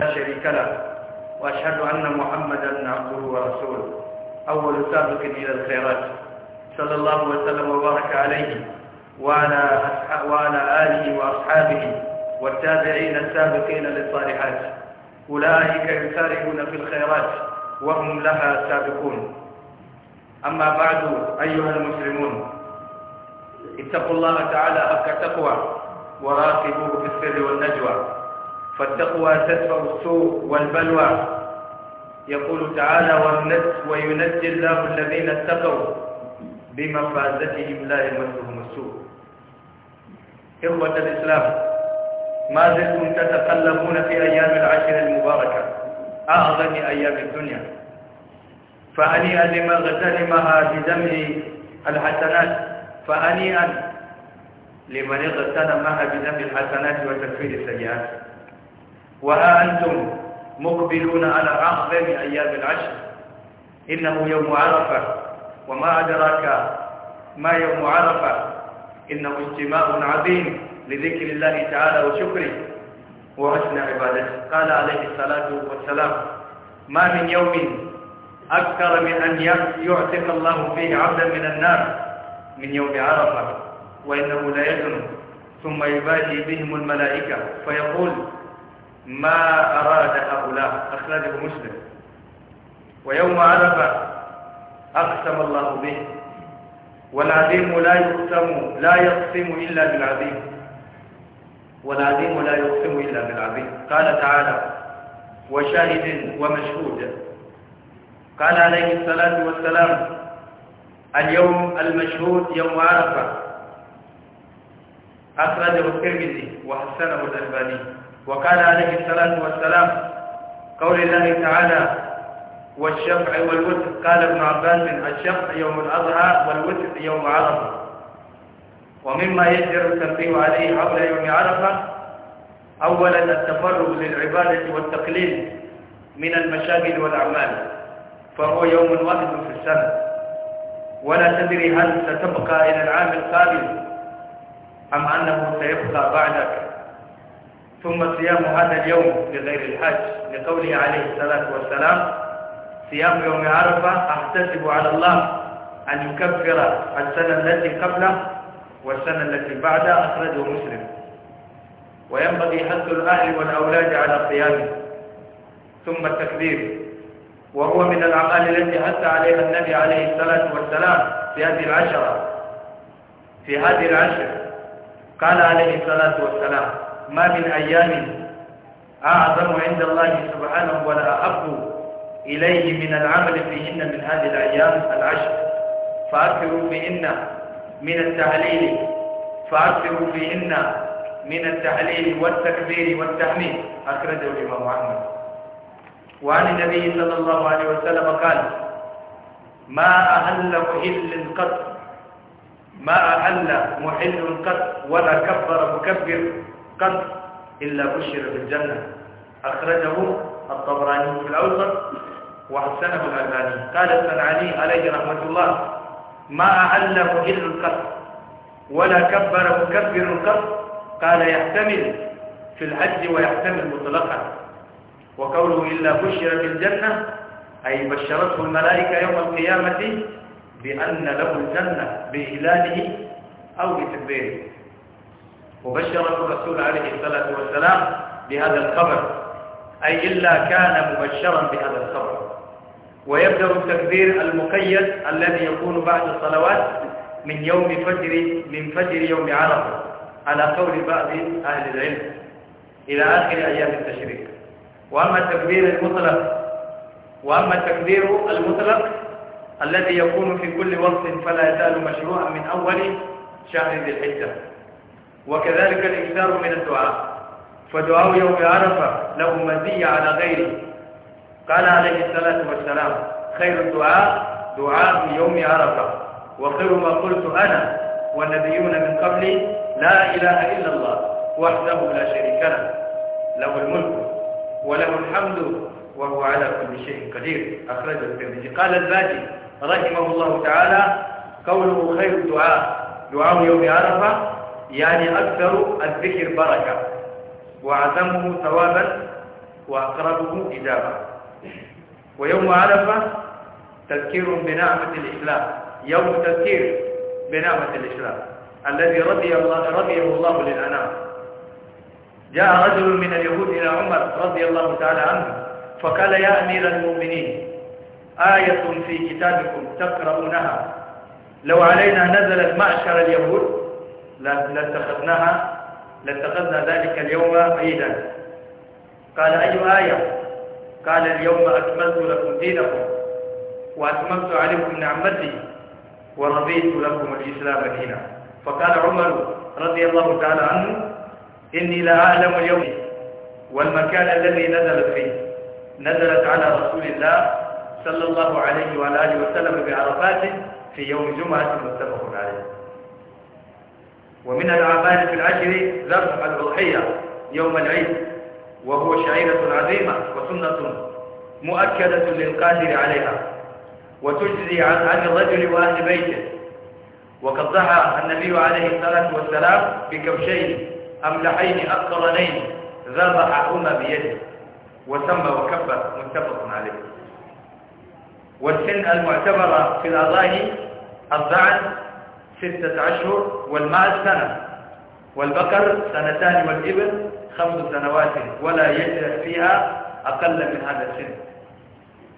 لا شريك له وأشهد أن محمدا عبده ورسوله أول سابق إلى الخيرات صلى الله وسلم وبارك عليه وعلى وعلى آله وأصحابه والتابعين السابقين للصالحات أولئك يسارعون في الخيرات وهم لها سابقون أما بعد أيها المسلمون اتقوا الله تعالى حق تقوى وراقبوه في السر والنجوى فالتقوى تدفع السوء والبلوى يقول تعالى وينجي الله الذين اتقوا بمفازتهم لا يمسهم السوء إخوة الإسلام ما زلتم تتقلبون في أيام العشر المباركة أعظم أيام الدنيا فهنيئا لمن اغتنمها بدمع الحسنات فهنيئا لمن اغتنمها بدم الحسنات وتكفير السيئات وها أنتم مقبلون على أعظم أيام العشر إنه يوم عرفة وما أدراك ما يوم عرفة إنه اجتماع عظيم لذكر الله تعالى وشكره وحسن عبادته قال عليه الصلاة والسلام ما من يوم أكثر من أن يعتق الله فيه عبدا من النار من يوم عرفة وإنه لا يزن ثم يباهي بهم الملائكة فيقول ما أراد هؤلاء أخرجه مسلم ويوم عرفة أقسم الله به والعظيم لا يقسم لا يقسم إلا بالعظيم والعظيم لا يقسم إلا بالعظيم قال تعالى وشاهد ومشهود قال عليه الصلاة والسلام اليوم المشهود يوم عرفة أخرجه الترمذي وحسنه الألباني وقال عليه الصلاة والسلام قول الله تعالى والشفع والوتر قال ابن عباس الشفع يوم الأضحى والوتر يوم عرفة ومما يجر التنبيه عليه حول يوم عرفة أولا التفرغ للعبادة والتقليل من المشاغل والأعمال فهو يوم واحد في السنة ولا تدري هل ستبقى إلى العام القادم أم أنه سيبقى بعدك ثم صيام هذا اليوم لغير الحج لقوله عليه الصلاة والسلام صيام يوم عرفة أحتسب على الله أن يكفر السنة التي قبله والسنة التي بعدها أخرجه مسلم وينبغي حث الأهل والأولاد على صيامه ثم التكبير وهو من الأعمال التي حث عليها النبي عليه الصلاة والسلام في هذه العشرة في هذه العشر قال عليه الصلاة والسلام ما من أيام أعظم عند الله سبحانه ولا أحب إليه من العمل فيهن من هذه الأيام العشر فأكثروا فيهن من التعليل فأكثروا فيهن من التعليل والتكبير والتحميد أخرجه الإمام أحمد وعن النبي صلى الله عليه وسلم قال ما أهل محل قط ما أهل محل قط ولا كبر مكبر قط إلا بشر بالجنة أخرجه الطبراني في الأوسط واحسنه الألباني قال الصنعاني عليه رحمة الله ما أعل إلا القط ولا كبر مكبر القط قال يحتمل في الحج ويحتمل مطلقا وقوله إلا بشر بالجنة أي بشرته الملائكة يوم القيامة بأن له الجنة بإهلاله أو بتكبيره وبشره الرسول عليه الصلاة والسلام بهذا الخبر أي إلا كان مبشرا بهذا الخبر ويبدأ التكبير المقيد الذي يكون بعد الصلوات من يوم فجر من فجر يوم عرفة على قول بعض أهل العلم إلى آخر أيام التشريق وأما التكبير المطلق وأما التكبير المطلق الذي يكون في كل وقت فلا يزال مشروعا من أول شهر ذي الحجة وكذلك الإكثار من الدعاء فدعاء يوم عرفة له مزية على غيره قال عليه الصلاة والسلام خير الدعاء دعاء يوم عرفة وخير ما قلت أنا والنبيون من قبلي لا إله إلا الله وحده لا شريك له له الملك وله الحمد وهو على كل شيء قدير أخرجه الترمذي قال الباجي رحمه الله تعالى قوله خير الدعاء دعاء يوم عرفة يعني أكثر الذكر بركة وأعظمه ثوابا وأقربه إجابة ويوم عرفة تذكير بنعمة الإسلام يوم تذكير بنعمة الإسلام الذي رضي الله رضيه الله للأنام جاء رجل من اليهود إلى عمر رضي الله تعالى عنه فقال يا أمير المؤمنين آية في كتابكم تقرؤونها لو علينا نزلت معشر اليهود لاتخذناها لاتخذنا ذلك اليوم عيدا قال أي آية قال اليوم أكملت لكم دينكم وأتممت عليكم نعمتي ورضيت لكم الإسلام دينا فقال عمر رضي الله تعالى عنه إني لا أعلم اليوم والمكان الذي نزلت فيه نزلت على رسول الله صلى الله عليه وعلى آله وسلم بعرفات في يوم جمعة متفق عليه ومن الأعمال في العشر ذبح الأضحية يوم العيد وهو شعيرة عظيمة وسنة مؤكدة للقادر عليها وتجزي عن عن الرجل وأهل بيته وقد ضحى النبي عليه الصلاة والسلام بكبشين أملحين أقرنين ذبحهما بيده وسمى وكبر متفق عليه والسن المعتبرة في الأضاحي الضعن ستة أشهر والماء سنة والبقر سنتان والإبل خمس سنوات ولا يجرح فيها أقل من هذا السن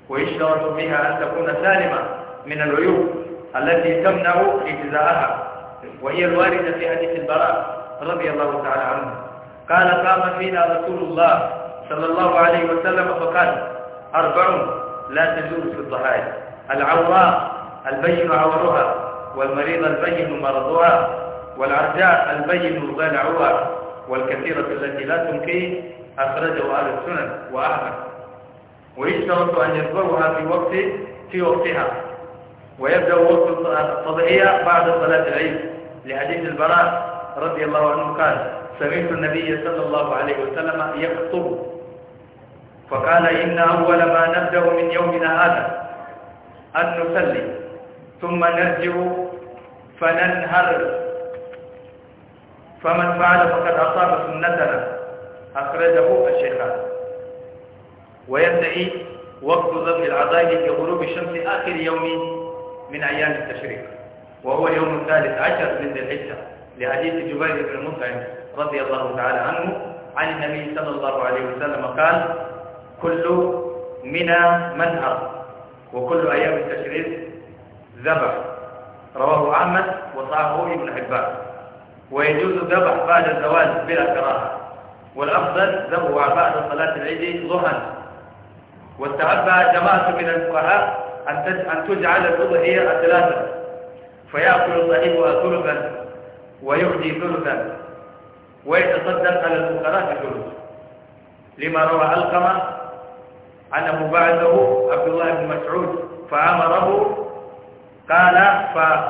ويشترط فيها أن تكون سالمة من العيوب التي تمنع إجزاءها وهي الواردة في حديث البراء رضي الله تعالى عنه قال قام فينا رسول الله صلى الله عليه وسلم فقال أربع لا تجوز في الضحايا العوراء البين عورها والمريض البين مرضها والعرجاء البين غالعها والكثيرة التي لا تنكي أخرجه أهل السنن وأحمد ويشترط أن يذكرها في وقت في وقتها ويبدأ وقت التضحية بعد صلاة العيد لحديث البراء رضي الله عنه قال سمعت النبي صلى الله عليه وسلم يخطب فقال إن أول ما نبدأ من يومنا هذا أن نصلي ثم نرجع فننهر فمن فعل فقد أصاب سنتنا أخرجه الشيخان وينتهي وقت ذبح العضائد في غروب الشمس آخر يوم من أيام التشريق وهو اليوم الثالث عشر من ذي الحجة لحديث جبير بن المطعم رضي الله تعالى عنه عن النبي صلى الله عليه وسلم قال كل منى منهر وكل أيام التشريق ذبح رواه عامة وصححه ابن حبان ويجوز الذبح بعد الزواج بلا كراهة والأفضل ذبح بعد صلاة العيد ظهرا واستحب جماعة من الفقهاء أن تجعل الأضحية ثلاثة فيأكل صاحبها ثلثا ويهدي ثلثا ويتصدق على الفقراء ثلثا لما روى القمة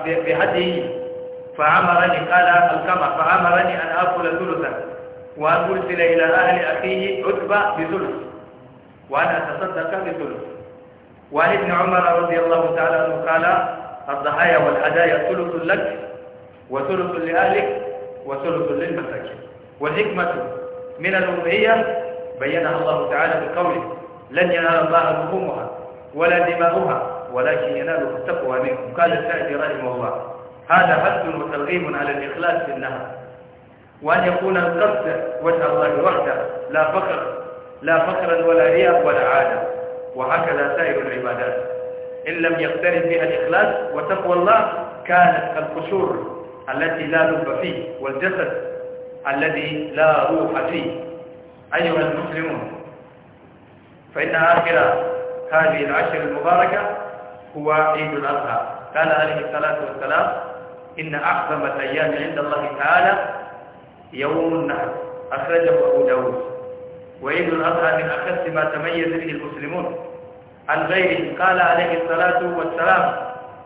بهديه فأمرني قال الكما فأمرني أن أكل ثلثا وأن أرسل إلى أهل أخيه عتبة بثلث وأن أتصدق بثلث وعن ابن عمر رضي الله تعالى عنه قال الضحايا والهدايا ثلث لك وثلث لأهلك وثلث للمساكين والحكمة من الأمهية بينها الله تعالى بقوله لن ينال الله لحومها ولا دماؤها ولكن يناله التقوى منكم قال السعدي رحمه الله هذا حث وترغيب على الإخلاص في النهر وأن يكون القصد وجه الله وحده لا فخر لا فخرا ولا رياء ولا عادة وهكذا سائر العبادات إن لم يقترن بها الإخلاص وتقوى الله كانت القشور التي لا لب فيه والجسد الذي لا روح فيه أيها المسلمون فإن آخر هذه العشر المباركة هو عيد الأضحى قال عليه الصلاة والسلام إن أعظم الأيام عند الله تعالى يوم النحر أخرجه أبو داود وعيد الأضحى من أخذ ما تميز به المسلمون عن غيره قال عليه الصلاة والسلام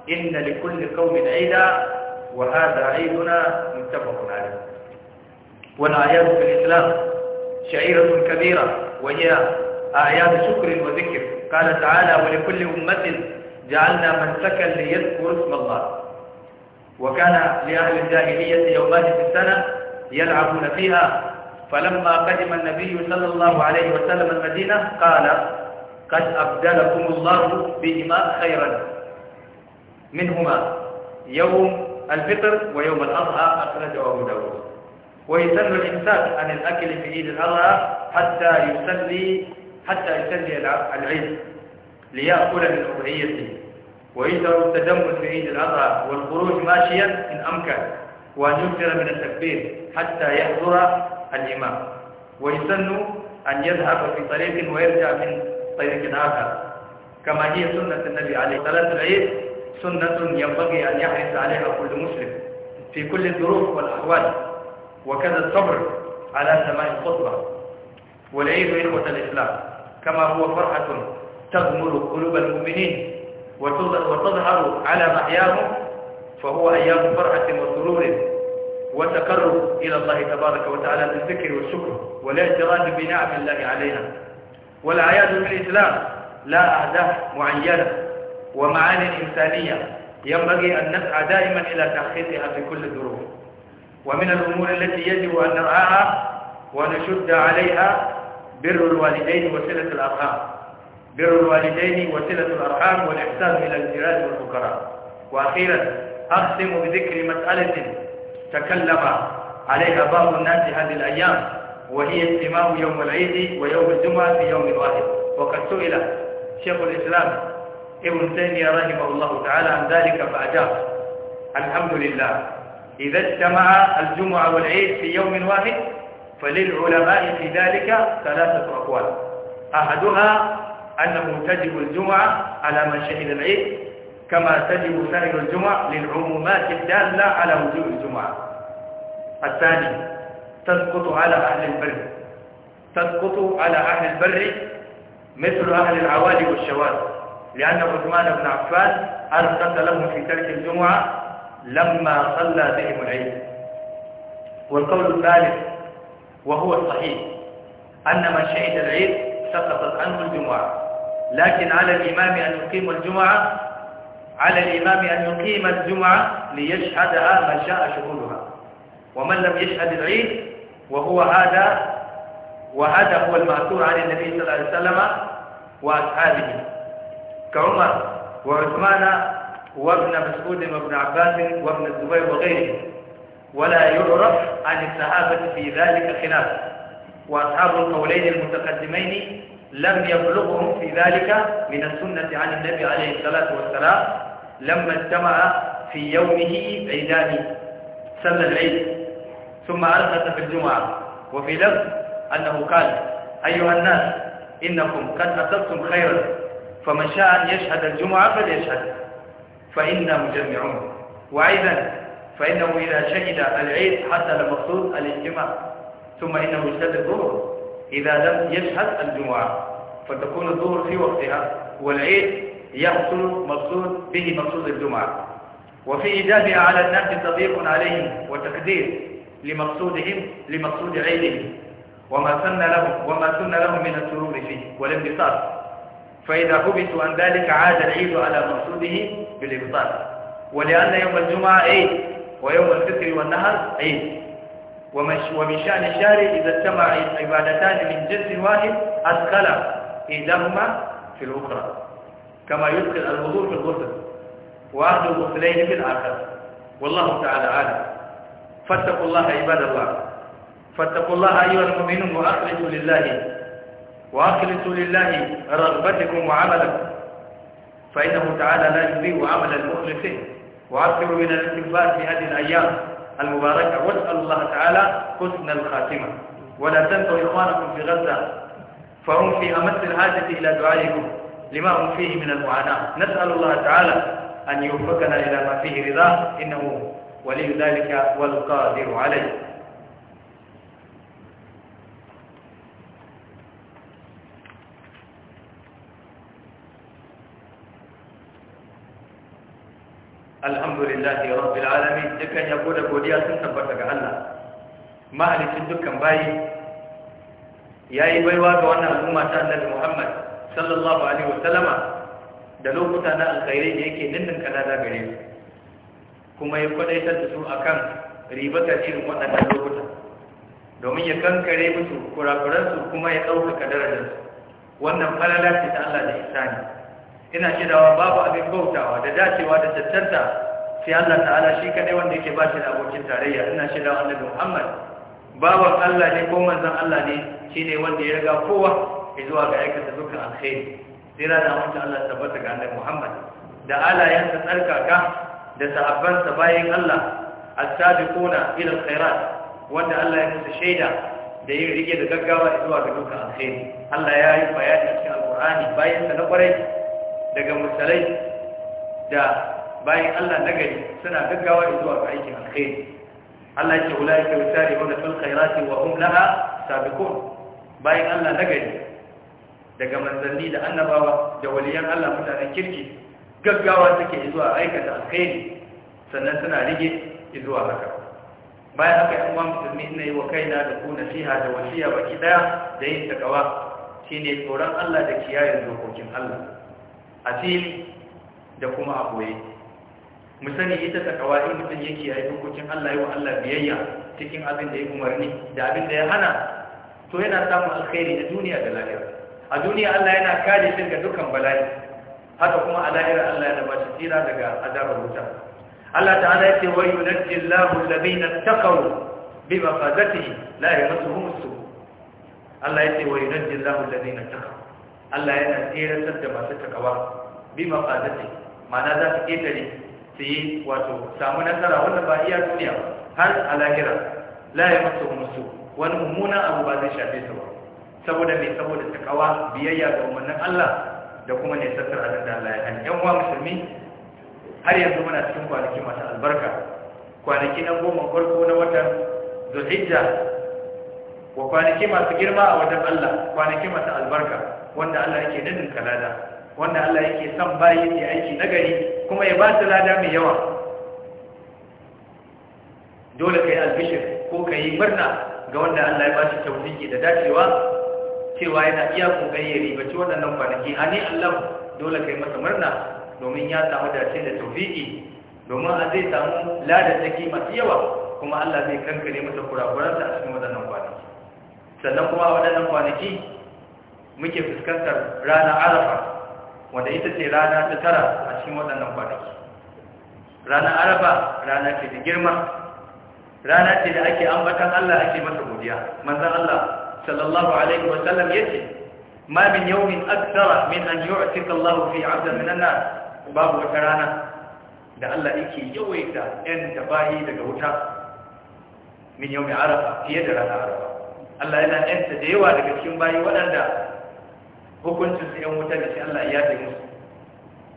إن لكل قوم عيدا وهذا عيدنا متفق عليه والأعياد في الإسلام شعيرة كبيرة وهي أعياد شكر وذكر قال تعالى ولكل أمة جعلنا من سكن ليذكر اسم الله وكان لأهل الجاهلية يومان في السنة يلعبون فيها فلما قدم النبي صلى الله عليه وسلم المدينة قال قد أبدلكم الله بهما خيرا منهما يوم الفطر ويوم الأضحى أخرجه أبو داود ويسن الإمساك عن الأكل في عيد الأضحى حتى يصلي حتى يصلي العيد ليأكل من أضحيته ويجدر التجمل في عيد الأضحى والخروج ماشيا إن أمكن وأن يكثر من التكبير حتى يحضر الإمام ويسن أن يذهب في طريق ويرجع من طريق آخر كما هي سنة النبي عليه الصلاة العيد سنة ينبغي أن يحرص عليها كل مسلم في كل الظروف والأحوال وكذا الصبر على سماع الخطبة والعيد إخوة الإسلام كما هو فرحة تغمر قلوب المؤمنين وتظهر على محياهم فهو أيام فرحة وسرور وتقرب إلى الله تبارك وتعالى بالذكر والشكر والاعتراف بنعم الله علينا والأعياد في الإسلام لا أهداف معينة ومعاني إنسانية ينبغي أن نسعى دائما إلى تحقيقها في كل الظروف ومن الأمور التي يجب أن نرعاها ونشد عليها بر الوالدين وصلة الأرحام بر الوالدين وصلة الأرحام والإحسان إلى الجيران والفقراء وأخيرا أختم بذكر مسألة تكلم عليها بعض الناس هذه الأيام وهي اجتماع يوم العيد ويوم الجمعة في يوم واحد وقد سئل شيخ الإسلام ابن تيمية رحمه الله تعالى عن ذلك فأجاب الحمد لله إذا اجتمع الجمعة والعيد في يوم واحد فللعلماء في ذلك ثلاثة أقوال أحدها أنه تجب الجمعة على من شهد العيد كما تجب سائر الجمعة للعمومات الدالة على وجوب الجمعة الثاني تسقط على أهل البر تسقط على أهل البر مثل أهل العوالي والشواذ لأن عثمان بن عفان أرسل لهم في ترك الجمعة لما صلى بهم العيد والقول الثالث وهو الصحيح أن من شهد العيد سقطت عنه الجمعة لكن على الإمام أن يقيم الجمعة على الإمام أن يقيم الجمعة ليشهدها من شاء شهودها ومن لم يشهد العيد وهو هذا وهذا هو المأثور عن النبي صلى الله عليه وسلم وأصحابه كعمر وعثمان وابن مسعود وابن عباس وابن الزبير وغيره ولا يعرف عن الصحابة في ذلك خلاف وأصحاب القولين المتقدمين لم يبلغهم في ذلك من السنة عن النبي عليه الصلاة والسلام لما اجتمع في يومه عيدان صلى العيد ثم أرخص في الجمعة وفي لفظ أنه قال أيها الناس إنكم قد أصبتم خيرا فمن شاء أن يشهد الجمعة فليشهد فإنا مجمعون وأيضا فإنه إذا شهد العيد حتى المقصود الاجتماع ثم إنه اجتد الظهر إذا لم يشهد الجمعة فتكون الظهر في وقتها والعيد يحصل مقصود به مقصود الجمعة وفي إجابة على الناس تضييق عليهم وتقدير لمقصودهم لمقصود عيدهم وما سن لهم وما سن لهم من السرور فيه والانبساط فإذا حبسوا عن ذلك عاد العيد على مقصوده بالإبطال ولأن يوم الجمعة عيد ويوم الفطر والنهر عيد ومن شأن الشارع إذا اجتمع عبادتان من جنس واحد أدخل ايدهما في الأخرى كما يدخل الوضوء في الغسل وأهل الغسلين في الآخر والله تعالى أعلم فاتقوا الله عباد الله فاتقوا الله أيها المؤمنون وأخلصوا لله وأخلصوا لله رغبتكم وعملكم فإنه تعالى لا يضيع عمل المخلصين وأكثروا من الاستغفار في هذه الأيام المباركة واسأل الله تعالى حسن الخاتمة ولا تنسوا إخوانكم في غزة فهم في أمس الحاجة إلى دعائكم لما هم فيه من المعاناة نسأل الله تعالى أن يوفقنا إلى ما فيه رضاه إنه ولي ذلك والقادر عليه alhamdulillahi rabbil alamin dukkan yabo da godiya sun tabbata ga Allah mahalicin dukkan bayi yayi baiwa ga wannan al'umma ta Annabi Muhammad sallallahu alaihi wasallama da lokuta na alkhairi da yake ninnin kanada gare su kuma ya kwadai da su akan ta irin waɗannan lokuta domin ya kankare musu kurakuransu kuma ya ɗaukaka darajarsu wannan falala ce ta Allah da ihsani ina shaidawa babu abin bautawa da dacewa da tattarta sai Allah ta'ala shi kadai wanda yake ba shi da abokin tarayya ina shaidawa annabi Muhammad Baban Allah ne ko manzon Allah ne shine wanda ya riga kowa zuwa ga aikata dukkan alkhairi sai da wanda Allah tabbata ga annabi Muhammad da alayansa tsarkaka da sa bayan Allah as-sabiquna ila al-khairat wanda Allah ya musu shaida da yin rike da gaggawa zuwa ga dukkan alkhairi Allah ya yi bayani cikin alqur'ani bayan sa na kwarai daga misalai da bayan Allah na gari suna gaggawa zuwa ga aikin alkhairi Allah yake ulai ka wasari wa fil khairati wa hum laha sabiqun bayan Allah na gari daga manzanni da annabawa da waliyan Allah mutanen kirki gaggawa suke zuwa aikata alkhairi sannan suna rige zuwa haka bayan haka yan uwan musulmi yi wa kaina da ku nasiha da wasiya baki ɗaya da yin takawa shine tsoron Allah da kiyayen dokokin Allah a fili da kuma a boye mu sani ita takawa in mutum yake yi hukuncin Allah yi wa Allah biyayya cikin abin da ya umarni da abin da ya hana to yana samun alkhairi na duniya da lahira a duniya Allah yana kare shi daga dukkan bala'i haka kuma a lahira Allah yana bashi tsira daga azabar wuta Allah ta'ala yace wa yunajjillahu alladhina taqaw bi mafazatihi la yi as-su Allah yace wa yunajjillahu alladhina taqaw Allah yana tseratar da masu takawa bi mafazati ma'ana za su ƙetare su yi wato samu nasara wannan ba iya duniya har a lahira la ya musu wani mummunan abu ba zai shafe su ba saboda mai saboda takawa biyayya ga umarnin Allah da kuma ne sattar a da Allah ya yi. yan uwa musulmi har yanzu muna cikin kwanaki masu albarka kwanaki na goma farko na watan zulhijja wa kwanaki masu girma a wajen Allah kwanaki masu albarka wanda Allah yake dadin kalada wanda Allah yake son bayi yake aiki nagari kuma ya ba su lada mai yawa dole kai albishir ko kai murna ga wanda Allah ya ba shi tawfiki da dacewa cewa yana iya kokari ya ribaci waɗannan kwanaki ani Allah dole kai masa murna domin ya samu dace da tawfiki domin a zai samu ladan masu yawa kuma Allah zai kankare masa kurakuransa a cikin waɗannan kwanaki sannan kuma waɗannan kwanaki muke fuskantar rana arafa wanda ita ce rana ta tara a cikin waɗannan kwanaki rana arafa rana ce da girma rana ce da ake ambatan Allah ake masa godiya manzon Allah sallallahu alaihi wa sallam ce. ma min yawmin akthara min an yu'tika Allah fi 'abdin min an-nar babu wata rana da Allah yake yawaita ɗan tabahi daga wuta min yawmi arafa fiye da rana arafa Allah yana ɗanta da yawa daga cikin bayi waɗanda hukuncin su yan wuta da shi Allah ya yi musu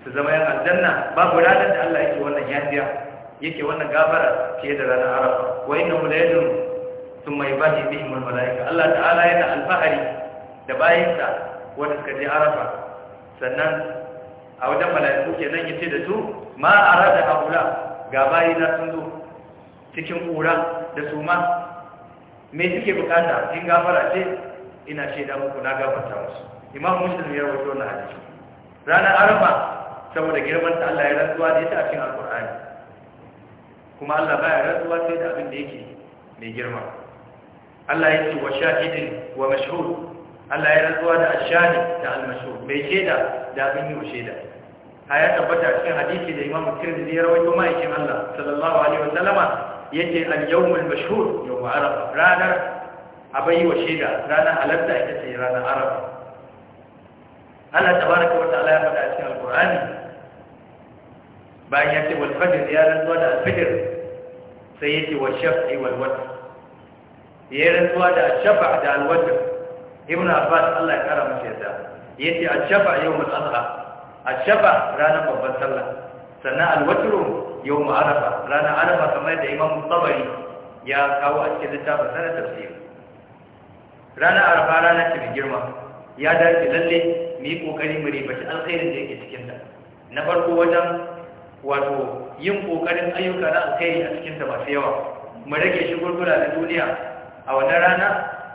su zama yan aljanna babu ranar da Allah yake wannan yafiya yake wannan gafara fiye da ranar arafa wa inna la yadun thumma yubahi bihim al malaika Allah ta'ala yana alfahari da bayinsa wanda suka je arafa sannan a wajen malaiku nan yace da su ma arada haula ga bayina sun zo cikin kura da su ma me suke bukata in gafara ce ina shaida muku na gafarta musu imam muslim ya rawaito na hadisi ranar arfa saboda girman ta Allah ya rantsuwa da ita a cikin alqur'ani kuma Allah baya rantsuwa sai da abin da yake mai girma Allah ya ce wa shahidin wa mashhud Allah ya rantsuwa da ashahid da al-mashhud mai shaida da abin yi wa A ya tabbata cikin hadisi da imam tirmidhi ya rawaito ma'aikin Allah sallallahu alaihi wa sallama yake al-yawm al-mashhur yawm arafa ranar abai wa shaida ranar halatta ita ce ranar arafa Allah tabaraka wa ta'ala ya faɗa a Al-Qur'ani. bayan ya ce wal fajr ya rantsuwa da alfajr sai ya ce wa shaf'i wal watr ya rantsuwa da shafa da al watr ibn abbas Allah ya kara masa yadda ya ce al shafa yawmul adha al shafa ranar babban sallah sannan al watr yawmul arafa ranar arafa kamar da imam tabari ya kawo a cikin littafin sanar tafsir ranar arafa ranar ce mai girma ya dace lalle mu yi kokari mu ribaci alkhairin da yake cikin ta na farko wajen wato yin kokarin ayyuka na alkhairi a cikin ta masu yawa mu rage shi gurgura da duniya a wannan rana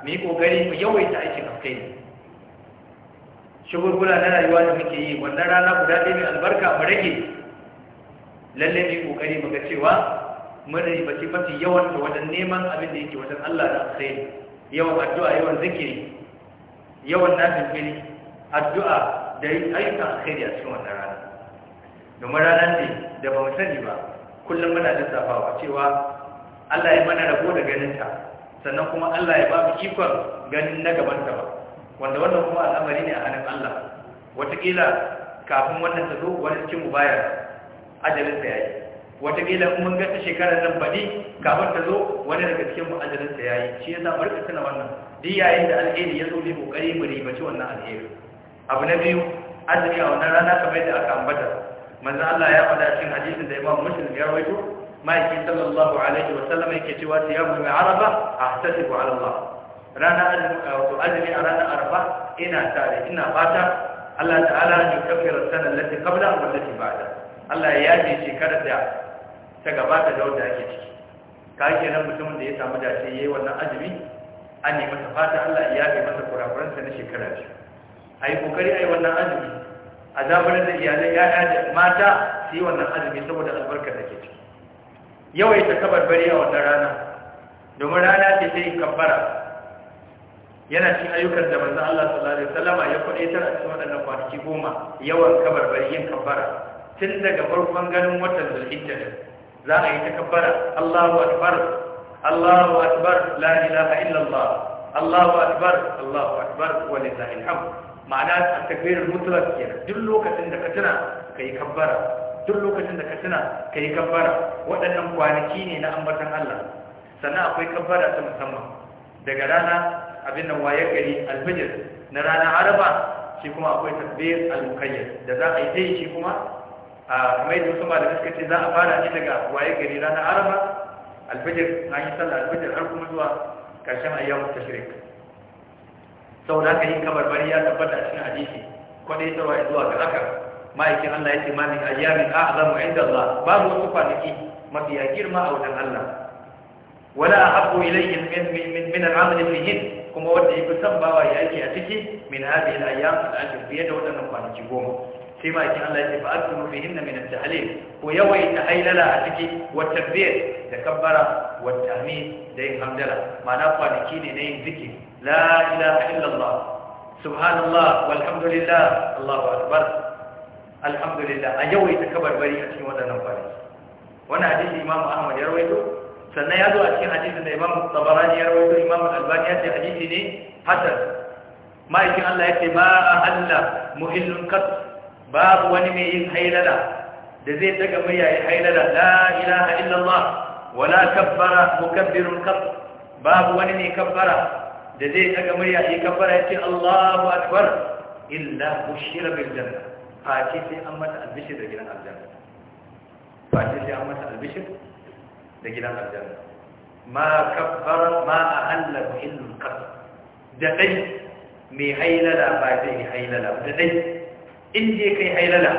mu yi kokari mu yawaita aikin alkhairi shi gurgura na rayuwa da muke yi wannan rana guda ɗaya mai albarka mu rage lalle mu yi kokari mu ga cewa mun ribaci mafi yawan ta wajen neman abin da yake wajen Allah da alkhairi yawan addu'a yawan zikiri yawan fili addu'a da aika a kai a cikin wannan rana domin ranar ne da ba mu sani ba kullum muna wa cewa Allah ya mana rabo da ganin ta sannan kuma Allah ya ba mu ikon ganin na gaban ta ba wanda wannan kuma al'amari ne a hannun Allah wataƙila kafin wannan ta zo wani cikin mu bayar ajalin yayi watakila mun ga ta shekarar nan baɗi kafin ta zo wani daga cikin mu'ajalinsa ya yi shi ya sa barka tana wannan di yayin da alheri ya zo ne kokari mu ribaci wannan alheri abu na biyu azumi a wannan rana kamar yadda aka ambata manzon Allah ya faɗa cikin hadisin da Imam Muslim ya rawaito ma'aikin sallallahu alaihi wa sallam yake cewa mu mai araba ahtasibu ala Allah rana wato azumi a ranar arba ina tare ina fata Allah ta'ala ya kafira sanan lati qabla wa lati ba'da Allah ya yi shekarar da ta gabata da wanda ake ciki ka ake nan mutumin da ya samu da ya yi wannan azumi an yi masa fata Allah ya yi masa kurakuransa na shekara ce a yi kokari a yi wannan azumi a zamanin da iyalai ya'ya da mata su yi wannan azumi saboda albarkar da ke ciki yawaita bari a wannan rana domin rana ce ta yi kabbara yana cin ayyukan da manzo Allah sallallahu alaihi wasallam ya ta a cikin wadannan kwanaki goma yawan bari yin kabbara tun daga farkon ganin watan zulhijja za a yi ta takabbara Allahu akbar Allahu akbar la ilaha illa Allah Allahu akbar Allahu akbar wa lillahi alhamd ma'ana at-takbir mutlaq kenan duk lokacin da ka tuna kai kabbara duk lokacin da ka tuna kai kabbara waɗannan kwanaki ne na ambatan Allah sannan akwai kabbara ta musamman daga rana abin nan waye gari alfajir na rana araba shi kuma akwai tasbih al-muqayyad da za a yi dai shi kuma a kamar yadda musamman da suka ce za a fara ne daga waye gari rana araba alfijir na yi sallah alfijir har kuma zuwa karshen ta shirik sau da aka yi kamar bari ya tabbata a cikin hadisi kwadai sarwa zuwa ga haka ma'aikin Allah ya ce ma a azan mu inda Allah babu wasu kwanaki ya girma a wajen Allah wala a ahabbu ilayhi min min min al'amal fihi kuma wanda ya fi san bawa ya ake a ciki min hadhihi da ake fiye da waɗannan kwanaki goma sai ma yake Allah ya ce fa'atunu bihinna min at-tahlil ko yawaita hailala a ciki wa takbir da kabbara wa tahmid da yin hamdala ma'ana kwanaki ne na yin zikir la ilaha illallah subhanallah walhamdulillah Allahu akbar alhamdulillah a yawaita kabarbari a cikin wadannan kwanaki wannan hadisi Imam Ahmad ya rawaito sannan ya zo a cikin hadisin da Imam Tabarani ya rawaito Imam Al-Albani ya ce hadisi ne hasan ma'aikin Allah ya ce ma ahalla muhillun qat babu wani mai yin hailala da zai daga murya ya hailala la ilaha illallah wala kabbara mukabbirun kab babu wani mai kabbara da zai daga murya ya kabbara yace Allahu akbar illa bushira bil janna fati sai an mata albishir da gidan aljanna fati sai an mata albishir da gidan aljanna ma kabbara ma ahalla illa kab da dai mai hailala ba zai hailala da dai in je kai hailala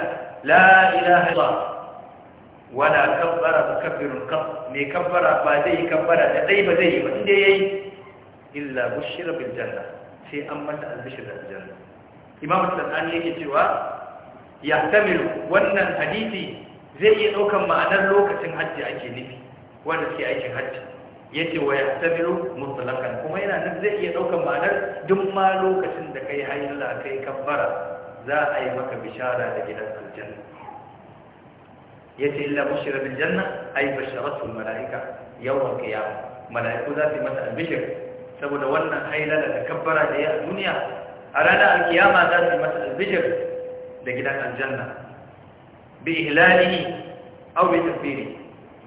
la ilaha illallah wala kabbara mukabbirun kaf me kabbara ba zai kabbara da dai ba zai yi ba inda yayi illa bushira bil janna sai an mata albishir da janna imam al-sanani yake cewa yahtamilu wannan hadisi zai iya daukan ma'anar lokacin hajji ake nufi wanda suke aikin hajji yace wa yahtamilu mutlaqan kuma yana nan zai iya daukan ma'anar duk ma lokacin da kai haila kai kabbara za a yi maka bishara da gidan aljanna Ya ce illa bushira bil janna ay basharatu al malaika yawm al malaiku za su mata albishir saboda wannan hailala da kabbara da ya a duniya a ranar alkiyama za su mata albishir da gidan aljanna bi ihlalihi aw bi tafsiri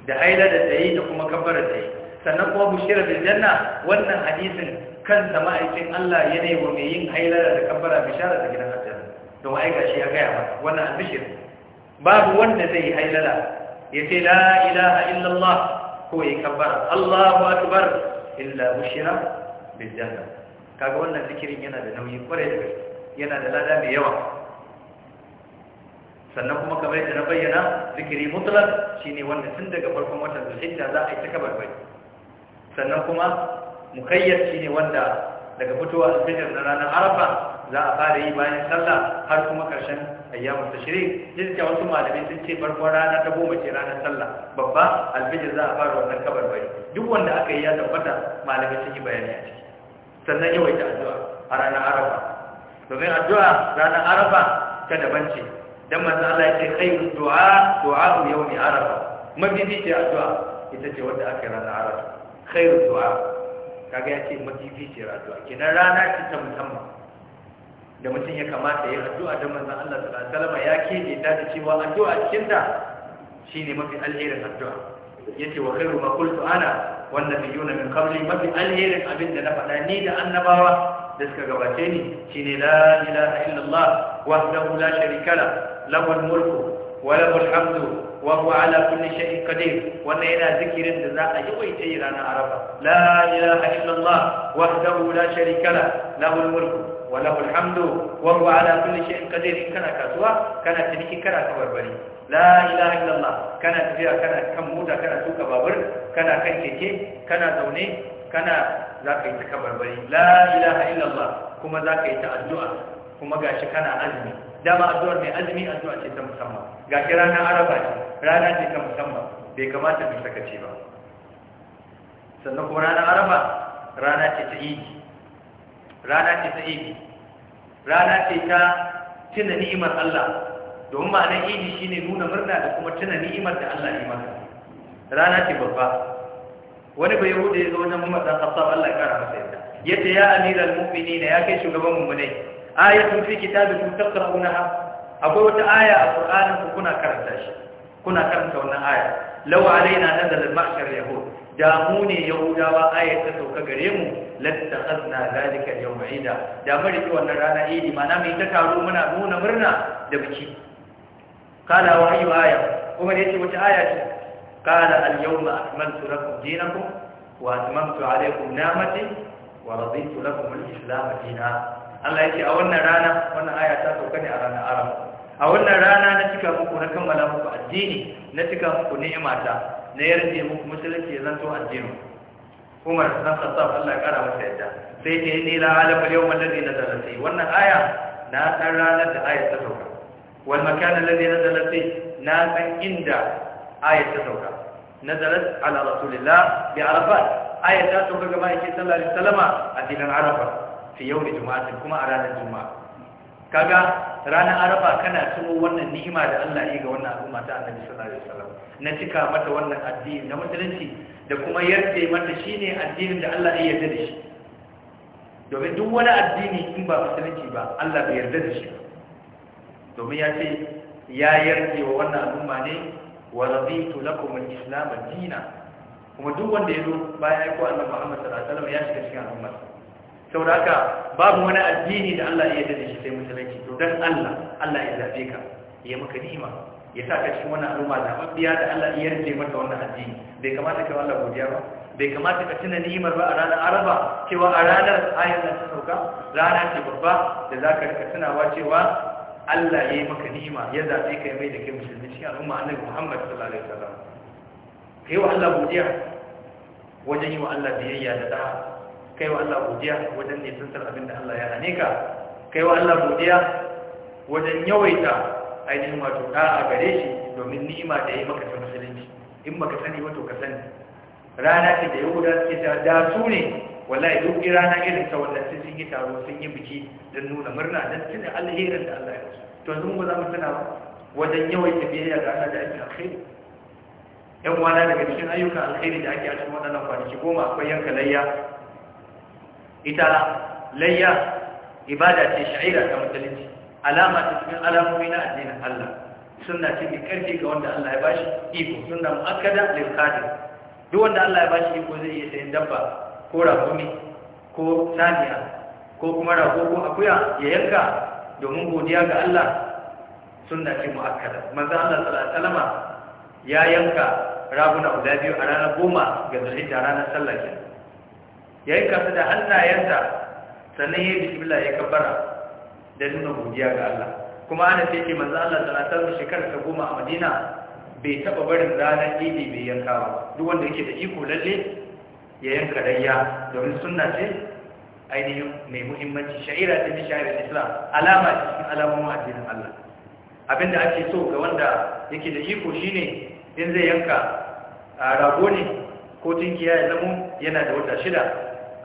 da hailala da yi da kuma kabbara da sannan kuma bushira bil janna wannan hadisin kan ma'aikin Allah yana yi wa mai yin hailala da kabbara bishara da gidan aljanna to ai gashi ya gaya ba, wannan albishir babu wanda zai yi hailala ya ce la'ilaha ilaha illallah ko ya kabbara Allahu akbar illa bushira bil janna kaga wannan zikirin yana da nauyi kware da yana da lada mai yawa sannan kuma kamar yadda na bayyana zikiri mutlaq shine wanda tun daga farkon watan zulhijja za a yi ta kabar bai sannan kuma mukayyad shine wanda daga fitowa alfijir na ranar arafa za a fara yi bayan sallah har kuma karshen ayyamu shirin. yadda wasu malamai sun ce farkon rana ta goma ce ranar sallah babba alfijir za a fara wannan kabar bai duk wanda aka yi ya tabbata malamai sun yi bayani a ciki sannan yawaita addu'a a ranar araba. domin addu'a ranar araba ta daban ce dan manzo Allah ya ce kai du'a du'a yawmi arafa mabibi ce addu'a ita ce wanda aka yi ranar araba. khairu du'a kaga ya ce mabibi ce addu'a kenan rana ce ta musamman da mutum ya kamata ya yi addu'a da manzon Allah sallallahu Salama wasallam ya kebe ta da cewa addu'a cikin ta shine mafi alherin addu'a Ya ce wa khairu ma qultu ana wan nabiyuna min qabli mafi alherin abin da na faɗa ni da annabawa da suka gabace ni shine la ilaha illallah wa la sharika la lahu al-mulku wa lahu hamdu wa huwa ala kulli shay'in qadir wannan yana zikirin da za a yi wai yawaita yi ranar arafa la ilaha illallah wahdahu la sharika la lahu al-mulku wala alhamdu wa huwa ala kulli shay'in qadir in kana kasuwa kana tiki kana kabarbari la ilaha illallah kana tafiya kana kan mota kana tuka babur kana kan keke kana zaune kana zaka yi ta kabarbari la ilaha kuma zaka yi ta addu'a kuma gashi kana azumi dama addu'ar mai azumi addu'a ce ta musamman gashi ranar araba ce rana ce ta musamman bai kamata mu sakace ba sannan kuma ranar araba rana ce ta idi rana ce ta idi rana ce ta tuna ni'imar Allah domin ma'anar idi shine nuna murna da kuma tuna ni'imar da Allah ya maka rana ce babba wani bai hude ya zo wajen Muhammad dan Khattab Allah ya kara masa yadda yace ya amiral mu'minina ya kai shugaban mu'minai ayatun fi kitabikum taqra'unaha akwai wata aya a Qur'anin ku kuna karanta shi kuna karanta wannan aya law alaina nazal al-mahshar yahud Damu ne yahudawa ayat ta sauka gare mu azna zalika yawm ida da mu ki wannan rana idi mana mai ta taro muna nuna murna da biki kala wa ayu aya kuma ne ce wata aya ce kala al yawma akmaltu lakum dinakum wa atmamtu alaykum ni'mati wa raditu lakum al islam dina Allah yake a wannan rana wannan aya ta sauka ne a ranar arab a wannan rana na cika muku na kammala muku addini na cika muku ni'imata na yarje muku musulunci ya zanto addini Umar na Khattab Allah ya kara masa yadda sai ce inni la alamu yau yawma alladhi nazala fi wannan aya na san ranar da ayat ta sauka Wani makan alladhi na fi na san inda ayat ta sauka nazalat ala rasulillah bi arafa? ayat ta sauka ga ma'aikin sallallahu alaihi a filin arafa fi yawmi juma'atin kuma a ranar juma'a kaga ranar arafa kana tuno wannan ni'ima da Allah ya ga wannan al'umma ta annabi sallallahu alaihi wasallam na cika mata wannan addini na musulunci da kuma yarda mata shine addinin da Allah ya yarda da shi domin duk wani addini in ba musulunci ba Allah bai yarda da shi domin ya ce ya yarda wa wannan al'umma ne wa raditu lakum al-islam dinan kuma duk wanda ya zo bayan ya ko annabi Muhammad sallallahu alaihi wasallam ya shiga cikin al'umma saboda haka babu wani addini da Allah ya dade shi sai musulunci to don Allah Allah ya zabe ka ya maka ni'ima ya sa ka cikin wannan al'umma da. zababbiya da Allah ya yarje mata wannan addini bai kamata kai Allah godiya ba bai kamata ka tuna ni'imar ba a ranar Araba cewa a ranar ayar nan ta sauka rana ce babba da za ka rika tunawa cewa Allah ya yi maka ni'ima ya zabe ka ya mai da kai musulmi cikin al'umma Annabi Muhammad sallallahu alaihi wasallam kai wa Allah godiya wajen yi wa Allah biyayya da da'a kai wa Allah godiya wajen nisantar abin da Allah ya hane ka kai wa Allah godiya wajen yawaita ainihin wato da'a gare shi domin ni'ima da ya yi maka ta musulunci in maka sani wato ka sani rana ce da yahuda suke ta da su ne wallahi duk rana irin ta wannan sun yi taro sun yi biki don nuna murna don tuna alherin da Allah ya musu to yanzu mu za mu tuna wajen yawaita biyayya ga Allah da ake alkhairi yan wana daga cikin ayyukan alkhairi da ake a cikin waɗannan kwanaki goma akwai yanka layya ita layya ibada ce sha'ira ta musulunci alama ta cikin alamomi na addinin Allah sunna ce mai karfi ga wanda Allah ya bashi iko sunna muakkada lil qadir duk wanda Allah ya bashi iko zai iya sayan dabba ko rafumi ko saniya ko kuma rago ko akuya ya yanka domin godiya ga Allah sunna ce muakkada manzo Allah sallallahu alaihi wasallam ya yanka raguna guda biyu a ranar goma ga zulhijja ranar sallah kenan ya yi kasa da hannayensa sannan ya yi bismillah ya kabbara da nuna godiya ga Allah kuma ana ce ce manzo Allah ta zo shekarar ta goma a Madina bai taba barin ranar idi bai yanka ba duk wanda yake da iko lalle ya yanka rayya domin sunna ce ainihin mai muhimmanci sha'ira ta bi sha'irar Islam alama ce cikin alamomin addinin Allah abinda ake so ga wanda yake da iko shine in zai yanka rago ne ko tunkiya ya zamo yana da wata shida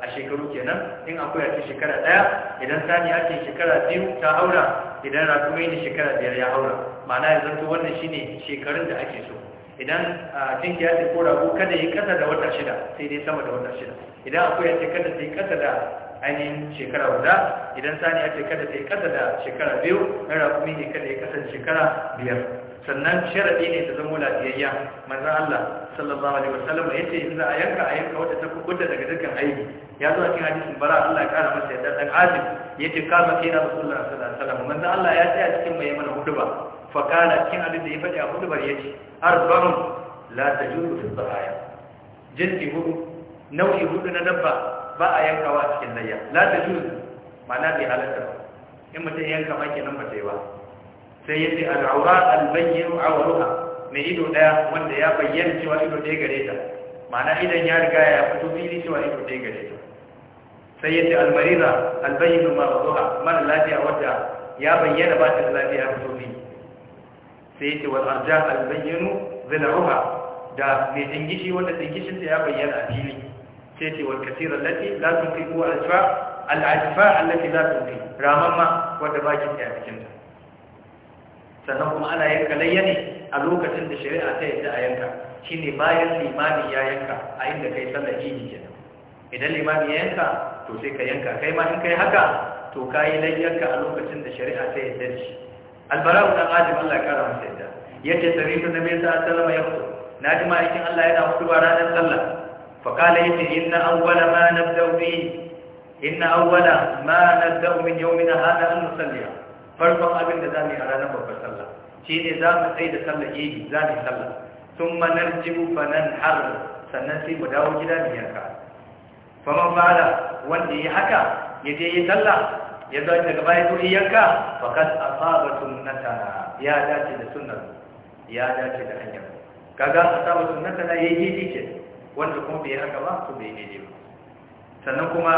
a shekaru kenan in akwai a cikin shekara daya idan sani a cikin shekara biyu ta haura idan rakumai ne shekara biyar ya haura ma'ana ya zanto wannan shine shekarun da ake so idan a ya ce ko rago kada yi kasa da wata shida sai dai sama da wata shida idan akwai a cikin kada sai kasa da ainihin shekara guda idan sani ya ce kada ta yi kasa da shekara biyu na rakumi ne kada ya kasance shekara biyar sannan sharaɗi ne ta zama lafiyayya manzan Allah sallallahu alaihi wasallam ya ce in za a yanka a yanka wata ta kubuta daga dukkan aiki ya zo a cikin hadisin bara Allah ya kara masa yadda dan azim ya ce kama kai na rasulullah sallallahu alaihi wasallam manzan Allah ya tsaya cikin mai mana huduba fa kana cikin abin da ya faɗi a hudubar ya ce arba'un la tajuzu fi dhahaya jinsi hudu nau'i hudu na dabba ba a yankawa wa cikin layya la ta ju ma'ana bai halatta ba in mutum yanka maki nan ba ta yi ba sai ya ce al'aura albayyin awaruha mai ido daya wanda ya bayyana cewa ido ɗaya gare ta ma'ana idan ya riga ya fito fili cewa ido ɗaya gare ta sai ya ce almarira albayyin ma'aruha mara lafiya wadda ya bayyana ba ta da lafiya fito fili sai ya ce wal arja albayyinu zilaruha da mai dingishi wanda ta ya bayyana a fili sai ce wal kasira lati la tunqi huwa ajfa al ajfa allati la tunqi ramamma wanda ba ki ta cikin ta sannan kuma ana yanka layya a lokacin da shari'a ta yadda a yanka shine bayan limami ya yanka a inda kai sallar idi kenan idan limami ya yanka to sai ka yanka kai ma in kai haka to kayi layyanka a lokacin da shari'a ta yadda shi albara'u dan adam Allah ya kara masa yadda yace sarifu naji ma'aikin Allah yana hutuba ranar sallah فقال يجي إن أول ما نبدأ به إن أول ما نبدأ من يومنا هذا أن نصلي فرفق أبن نزامي على نبو فصلى شيء نزام سيد صلى إيه زامي صلى ثم نرجع فننحر سنسي وداو جدا ميانكا فمن فعل وندي حكا يجي يصلى يدعي تقبائي إياكا فقد أصاب سنتنا يا داتي لسنة يا داتي لحنيا كذا أصاب سنتنا يجي يجي wanda kuma bai haka ba to bai daidai ba sannan kuma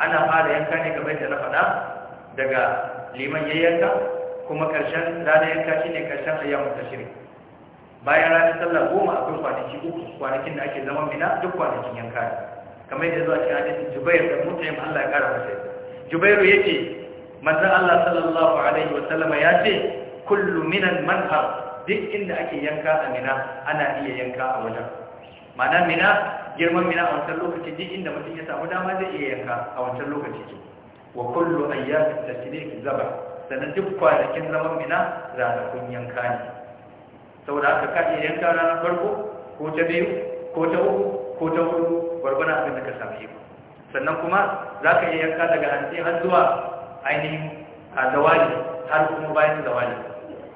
ana fara yanka ne kamar da na faɗa daga liman ya yanka kuma ƙarshen ranar yanka shi ne ƙarshen ayyamun tashirin bayan ranar sallah goma akwai kwanaki uku kwanakin da ake zama mina duk kwanakin yanka ne kamar yadda zuwa cikin hadisin jubair da mutaim Allah ya kara masa jubairu yace manzon Allah sallallahu alaihi wa sallama ya ce kullu minan manhar duk inda ake yanka a mina ana iya yanka a wajen mana mina girman mina a wancan lokaci duk inda mutum ya samu dama zai iya yanka a wancan lokaci ce wa kullu ayyamin tashriki zaba sannan duk kwanakin zaman mina kun yanka ne saboda haka ka iya yanka ranar farko ko ta biyu ko ta uku ko ta hudu gwargwana abin da ka same ku sannan kuma za ka iya yanka daga hantsi har zuwa ainihin a zawali har kuma bayan zawali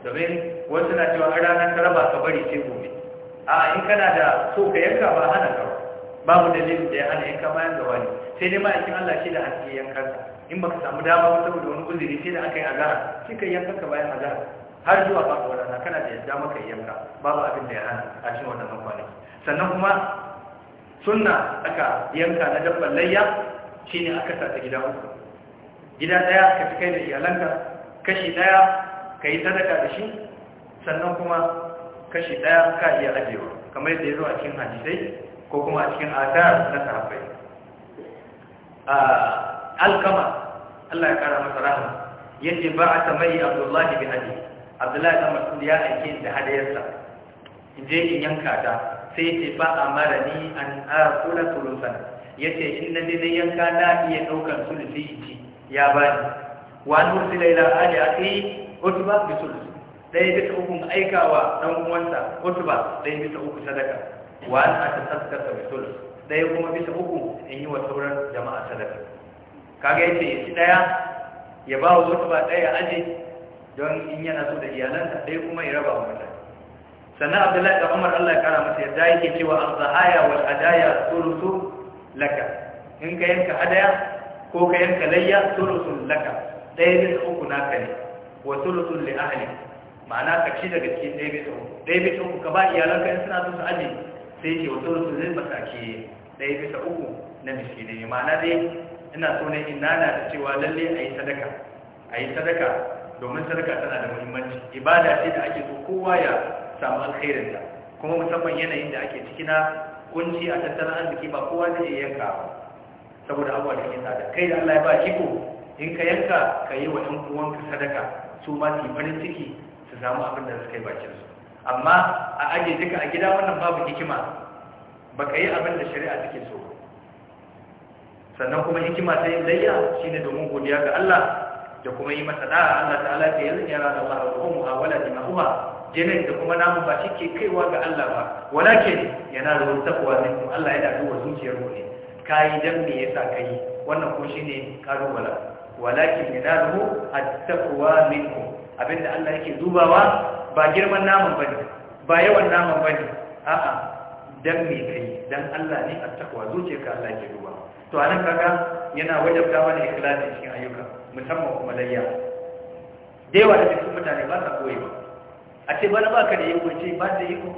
domin wasu na cewa ranar ta raba ka bari sai gobe a in kana da so ka yanka ba hana ka babu dalilin da ya hana yanka bayan ga wani sai dai ma'aikin Allah shi da haske yankan ka in baka samu dama ba saboda wani uzuri sai da aka yi azara shi ka yanka ka bayan azara har zuwa faɗuwar rana kana da yadda maka yanka babu abin da ya hana a cikin wannan kwanaki sannan kuma sunna aka yanka na dabbar layya shine aka sa ta gida uku gida daya ka fi kai da iyalanka kashi daya ka yi sadaka da shi sannan kuma kashi ɗaya ka iya ajewa kamar yadda ya zo a cikin hadisai ko kuma a cikin adar na sahabbai alkama Allah ya kara masa rahama yace ba a tamai abdullahi bin hadi abdullahi da mas'ud ya aike da hadayarsa je in yanka ta sai yace ba a mara ni an akula tulusan yace in na dai yanka na iya daukan sulusi ci ya bani wa nursila ila ali akhi utba bi sulusi ɗaya bisa uku aikawa ɗan uwansa wasu ba ɗaya bisa uku sadaka wa an ta sadaka da sulus ɗaya kuma bisa uku in yi wa sauran jama'a sadaka kaga yace ya ci ɗaya ya ba wa wasu ba ɗaya aje don in yana so da iyalansa ɗaya kuma ya raba wa mutane sannan abdullahi da umar allah ya kara masa yadda yake cewa an zahaya wal hadaya sulusu laka in ka yanka hadaya ko ka yanka layya sulusun laka ɗaya bisa uku naka ne wa sulusun li ahli ma'ana kashi daga cikin ɗaya bisa ɗaya bisa uku ka ba iyalanka in suna so su aji sai ce wato su zai masake ɗaya bisa uku na miskinai ma'ana dai ina so ne ina na da cewa lalle a yi sadaka a yi sadaka domin sadaka tana da muhimmanci ibada ce da ake so kowa ya samu ta kuma musamman yanayin da ake ciki na kunci a tattalin arziki ba kowa zai iya yanka saboda abuwa da ke sada kai da Allah ya ba kiko in ka yanka ka yi wa ɗan uwanka sadaka su ma su farin ciki su samu abin da suka yi bakin su amma a aje duka a gida wannan babu hikima baka yi abin da shari'a take so sannan kuma hikima ta yin layya shine domin godiya ga Allah da kuma yi masa da'a Allah ta'ala ta yi yara da Allah wa mu muhawala da mahuwa jinin da kuma namun ba shi ke kaiwa ga Allah ba walakin yana da wani takwa ne Allah yana duba zuciyar mu ne kayi dan me yasa kai wannan ko shine karubala walakin a at-taqwa minkum abinda Allah yake dubawa ba girman naman bane ba yawan naman bane a'a dan me kai dan Allah ne at zuce zuciyarka Allah yake dubawa to anan kaga yana wajabta mana ikhlasi cikin ayyuka musamman kuma layya da yawa da cikin mutane ba sa koyi ba a ce bana ba ka da iko ce ba da iko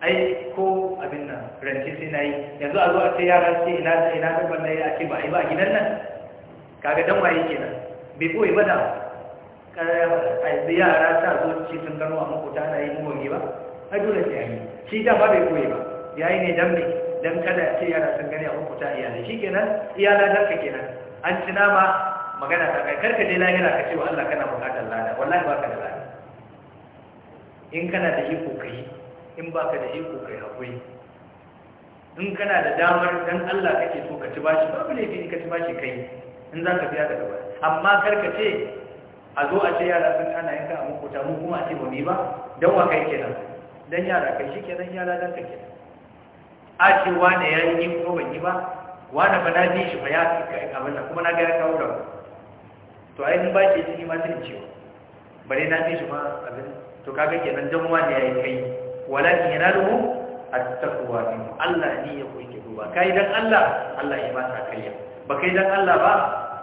ai ko abin nan rance sai na yi yanzu a zo a ce yara ce ina da ina da ban na a ce ba ai yi ba a gidan nan kaga dan waye kenan bai koyi ba da yara ta zo ce sun gano a makota ana yi mugoge ba a dole sai yi shi da ba bai koyi ba ya yi ne dan don dan kada ce yara sun gani a makota iyalai shi kenan iyala dan ka kenan an ci na nama magana ta kai karka je lahira ka ce wa Allah kana bukatar lada wallahi baka da lada in kana da iko kai in baka da iko kai akwai in kana da damar dan Allah kake so ka ci bashi babu ne in ka ci bashi kai in za ka biya daga baya amma karka ce a zo a ce yara sun kana yanka a makuta mu kuma a ce ba ba don wa kai kenan don yara kai shi kenan yara don ka kenan a ce wane ya yi ni ko ban yi ba wane ba na ji shi ba ya kai abin da kuma na ga ya kawo da to ai ba ke ciki ma sai ba. bare na ji shi ma abin to kaga kenan don wane ya yi kai walakin yanaluhu A taqwa min Allah ne ya koyi duba kai dan Allah Allah ya ba ta kai ba kai dan Allah ba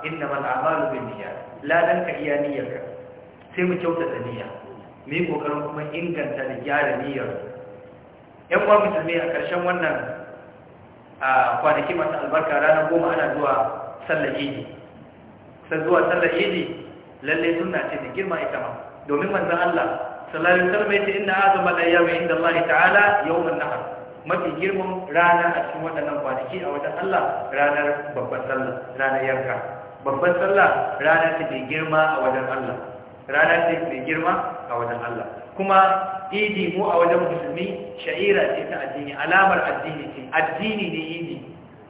innamal a'malu binniyat ladan ka iya niyyarka sai mu kyautata niyya mu yi kokarin kuma inganta da gyara niyyar yan uwa musulmi a ƙarshen wannan a kwanaki masu albarka ranar goma ana zuwa sallar idi sai zuwa sallar idi lalle sunna ce da girma ita ma domin manzon Allah sallallahu alaihi wasallam yace inna azama al-ayyami inda Allah ta'ala yawm an-nahr mafi girman rana a cikin waɗannan kwanaki a wajen Allah ranar babban sallah ranar yanka Babban sallah rana ce mai girma a wajen Allah rana ce mai girma a wajen Allah kuma idi mu a wajen musulmi sha'ira ce ta addini alamar addini ce addini ne idi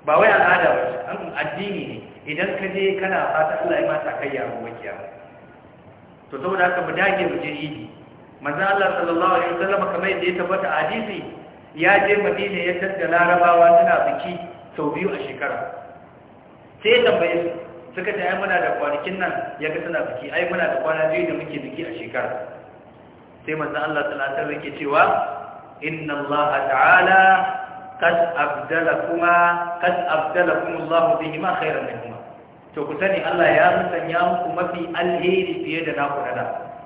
ba wai al'ada ba addini ne idan ka je kana fata Allah ya mata kai ya ruwa kiyama to saboda haka mu dage mu je idi manzo Allah sallallahu alaihi wasallam kamar yadda ya tabbata a hadisi ya je Madina ya tada larabawa suna biki sau biyu a shekara sai ya tambaye su suka ce ai muna da kwanakin nan ya ga suna biki ai muna da kwana biyu da muke biki a shekara sai manzon Allah sallallahu alaihi wasallam yake cewa inna Allah ta'ala qad abdalakuma qad abdalakum Allah ma khairan minhuma to ku sani Allah ya sanya muku mafi alheri fiye da naku da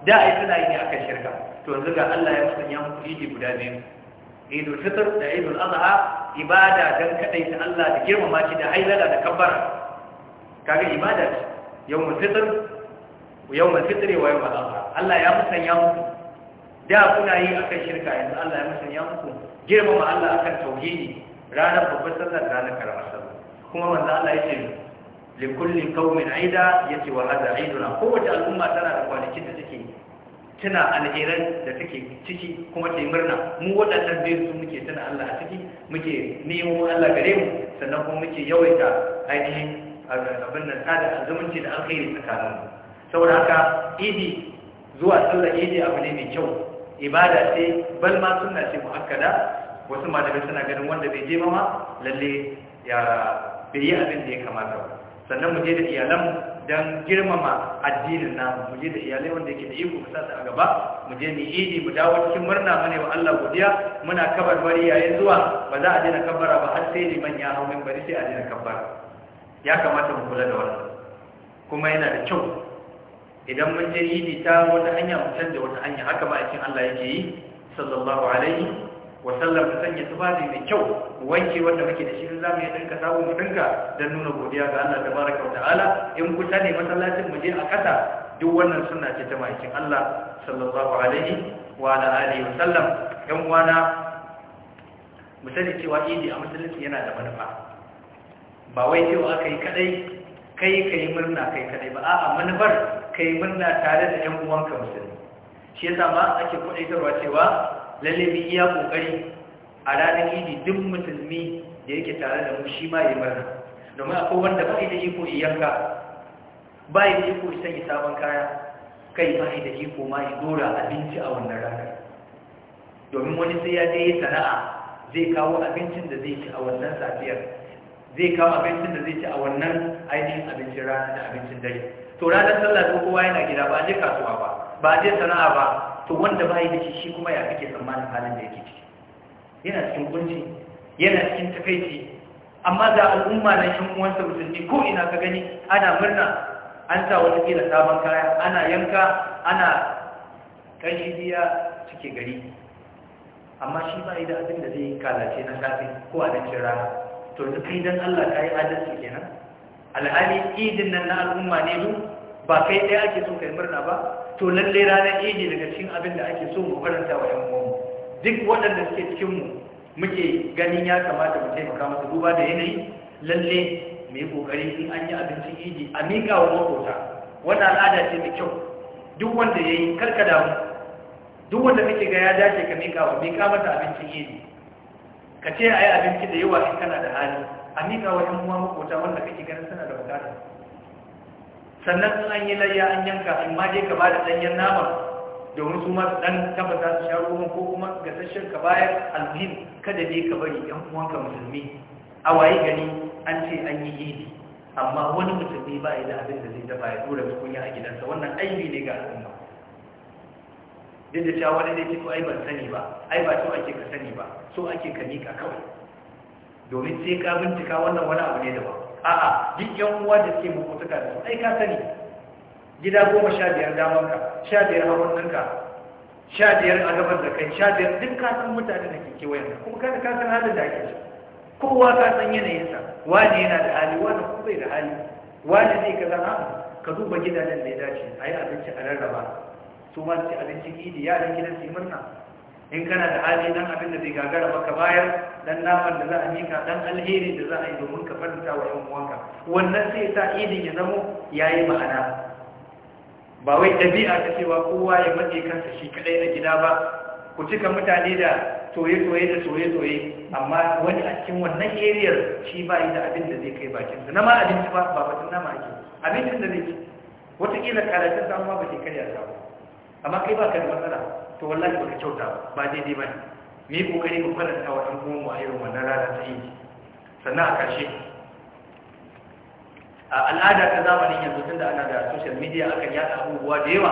da ai suna yi akan shirka to yanzu ga Allah ya sanya muku idi guda biyu idul fitr da idul adha ibada dan kadai ta Allah da girmama shi da hailala da kabbara kaga ibada ce yawmul fitr yawmul fitri wa yawmul adha Allah ya musanya muku da kuna yi akan shirka yanzu Allah ya musanya muku girmama Allah akan tauhidi ranar babbar sallar ranar karamar sallar kuma manzo Allah yake likulli qaumin aida yace wa hada aiduna kowace al'umma tana da kwanakin da take tana alheran da take ciki kuma ta murna mu waɗannan biyu su muke tana Allah a ciki muke nemo Allah gare mu sannan kuma muke yawaita ainihin abin nan da da alkhairi tsakanin saboda haka idi zuwa sallar idi abu ne mai kyau ibada ce bal ma sunna ce muakkada wasu malamai suna ganin wanda bai je mama lalle ya bai yi abin da ya kamata ba sannan mu je da iyalan don girmama addinin namu mu je da iyalai wanda yake da iko mu sasa a gaba mu je ni idi mu dawo cikin murna mu ne wa Allah godiya muna kabar bari yayin zuwa ba za a je na kabbara ba har sai liman ya hau min bari sai a je na kabbara ya kamata mu kula da wannan kuma yana da kyau idan mun je yi ta wata hanya mu canza wata hanya haka ba aikin Allah yake yi sallallahu alaihi wa sallam mu sanya tufafi mai kyau mu wanke wanda muke da shi in zamu yi dinka sabo mu dinka dan nuna godiya ga Allah tabaraka wa ta'ala in kusa ne masallacin mu je a kasa duk wannan sunna ce ta maikin Allah sallallahu alaihi wa ala alihi wa sallam yan uwana mu sani cewa idi a musulunci yana da manufa ba wai cewa aka yi kadai kai ka yi murna kai kadai ba a'a manufar ka yi murna tare da yan uwanka musulmi shi yasa ma ake kudaitarwa cewa lalle mu iya kokari a ranar idi duk musulmi da yake tare da mu shi ma yi murna domin akwai wanda ba da iko iyanka ba yi da iko sanya sabon kaya kai ba da iko ma ya dora abinci a wannan ranar domin wani sai ya je sana'a zai kawo abincin da zai ci a wannan safiyar zai kawo abincin da zai ci a wannan ainihin abincin rana da abincin dare to ranar sallah ko kowa yana gida ba je kasuwa ba ba je sana'a ba to wanda ba yi da shi kuma ya kake tsammanin halin da yake ciki yana cikin kunci yana cikin takaici amma da al'umma na yan uwansa musulmi ko ina ka gani ana murna an sa wata kila sabon kaya ana yanka ana kashi biya cike gari amma shi ba yi da abin da zai kalace na safe ko a abincin rana to yanzu kai dan Allah ka yi adalci kenan alhali idin nan na al'umma ne mu ba kai ɗaya ake so kai murna ba to lalle ranar idi daga cikin abin da ake so mu faranta wa ƴan uwanmu duk waɗanda suke cikin mu muke ganin ya kamata mu taimaka musu duba da yanayi lalle mu yi kokari in an yi abincin idi a miƙa wa makota wannan al'ada ce mai kyau duk wanda ya yi karkada damu duk wanda kake ga ya dace ka miƙa wa miƙa mata abincin idi ka ce a yi abinci da yawa in kana da hali a miƙa wa ɗan makota wanda kake ganin suna da bukata sannan sun an yi layya an yanka in ma je ka ba da ɗanyen nama domin su ma ɗan tabbata su sha ruwan ko kuma gasasshen ka bayar alfin kada ne ka bari ɗan uwanka musulmi a waye gani? an ce an yi yidi amma wani musulmi ba ya da abin da zai dafa ya tura tukunya a gidansa wannan aibi ne ga al'umma duk da cewa wani ne ke to ai ban sani ba ai ba so ake ka sani ba so ake ka miƙa kawai domin sai ka bincika wannan wani abu ne da ba. a'a duk yan uwa da suke mukutuka da su ai ka sani gida goma sha biyar ka, sha biyar hawan ka, sha biyar a gaban da kai sha biyar duk ka san mutane da ke kewayen ka kuma kada ka san halin da ake kowa ka san yanayinsa wani yana da hali wani kuma bai da hali wani zai ka zama ka duba gidajen da ya dace a yi abinci a rarraba su ma ci abincin idi yaran gidan su murna in kana da hali dan abin da zai gagara maka bayar dan naman da za a mika dan alheri da za a yi domin ka faranta wa yan uwanka wannan sai sa idin ya zamo yayi ma'ana ba wai dabi'a ta cewa kowa ya matse kansa shi kadai a gida ba ku cika mutane da toye-toye da toye-toye amma wani a cikin wannan eriyar shi ba yi da abin da zai kai bakinsa na ma abinci ba ba batun nama ake abincin da zai ci wataƙila karatun samuwa ba ke karya samu amma kai ba ka da matsala to wallahi ba ka kyauta ba daidai ba ne mai yi kokari mu faranta wa ɗan uwanmu a irin rana ta yi sannan a ƙarshe a al'ada ta zamanin yanzu tun da ana da social media akan yaɗa abubuwa da yawa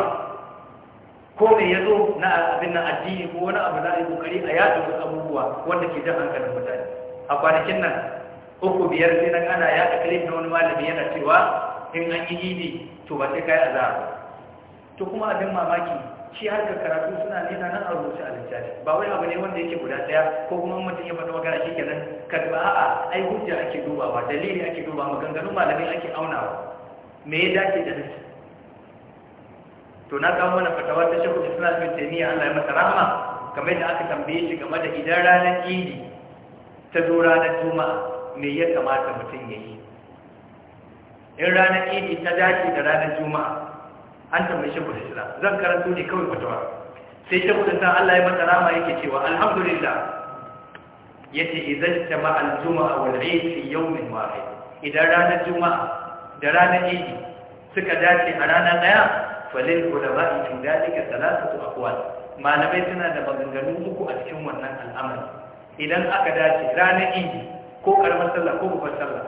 ko me ya zo na abin na addini ko wani abu za a yi kokari a yaɗa wasu abubuwa wanda ke jan hankalin mutane a kwanakin nan uku biyar sai na ana yaɗa kalifin na wani malami yana cewa in an yi idi to ba sai kai azahar to kuma abin mamaki shi harkar karatu suna nena nan a rubuce a littafi ba wai abu ne wanda yake guda daya ko kuma mutum ya faɗa magana shi kenan karɓa a'a ai hujja ake dubawa dalili ake duba maganganun malamin ake aunawa me ya dace da nasi to na kawo mana fatawa ta shekul islam bin taimiyya allah ya masa rahama kamar da aka tambaye shi game da idan ranar idi ta zo ranar juma'a me ya kamata mutum ya yi in ranar idi ta dace da ranar juma'a an tambaye shi da islam zan karanto ne kawai fatawa sai ta kudin san Allah ya mata rama yake cewa alhamdulillah yace idan jama'a al-juma'a wal 'eid fi yawmin wahid idan ranar juma'a da ranar idi suka dace a rana daya falil ulama'i in dalika salatu aqwal malamai suna da maganganu uku a cikin wannan al'amari idan aka dace ranar idi ko karamar sallah ko babbar sallah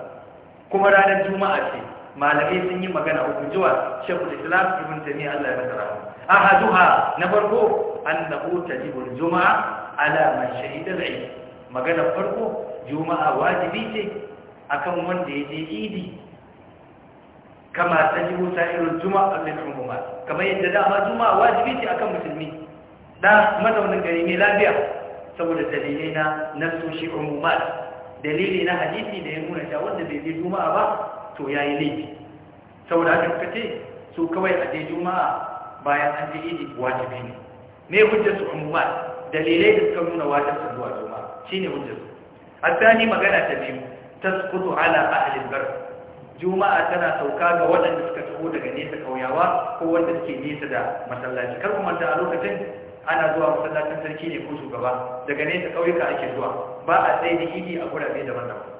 kuma ranar juma'a ce malamai sun yi magana uku zuwa shekul islam ibn tami Allah ya masa rahama ahaduha na farko annahu tajibul juma'a ala man shahida al magana farko juma'a wajibi ce akan wanda ya je idi kama tajibu sa'irul juma'a lil umumat kamar yadda dama juma'a wajibi ce akan musulmi da mazaunin gari ne lafiya saboda dalilai na shi umumat dalili na hadisi da ya nuna cewa wanda bai je juma'a ba to ya yi laifi saboda haka suka ce su kawai a je juma'a bayan an ji idi wajibi ne me hujjar su umma dalilai da suka nuna wajen su zuwa juma'a ne hujjar su Sani magana ta biyu sukutu ala a al juma'a tana sauka ga waɗanda suka taho daga nesa kauyawa ko wanda suke nesa da masallaci kar ku manta a lokacin ana zuwa masallacin sarki ne ko shugaba daga nesa kauyuka ake zuwa ba a tsaye da idi a gurabe daban-daban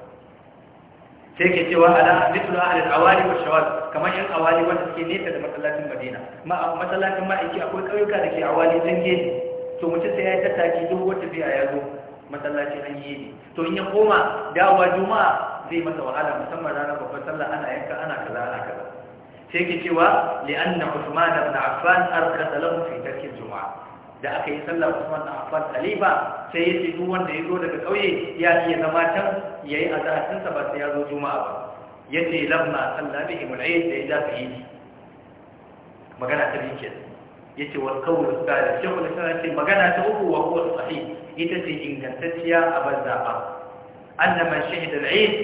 sai ke cewa ala mithlu ahli awali wa shawal kamar yan awali wanda suke nesa da masallacin Madina ma masallacin ma'aiki akwai kauyuka da ke awali sun je to mutum sai ya tattaki duk wata biya ya zo masallaci an yi ne to in ya koma dawa juma'a zai masa wahala musamman rana babbar sallah ana yanka ana kaza ana kaza sai ke cewa li'anna usman ibn Affan arkasa lahu fi tarkin juma'a da aka yi sallah Usman dan Affan Khalifa sai yace duk wanda ya zo daga kauye ya iya zama can yayi azatin sa ba sai ya zo juma'a ba yace lamma salla bihi mul'id da ya tafi yi magana ta biyu yace wal qawl tsari shi da sai ce magana ta uku wa huwa sahih ita ce ingantacciya a banza ba annama shahida al'id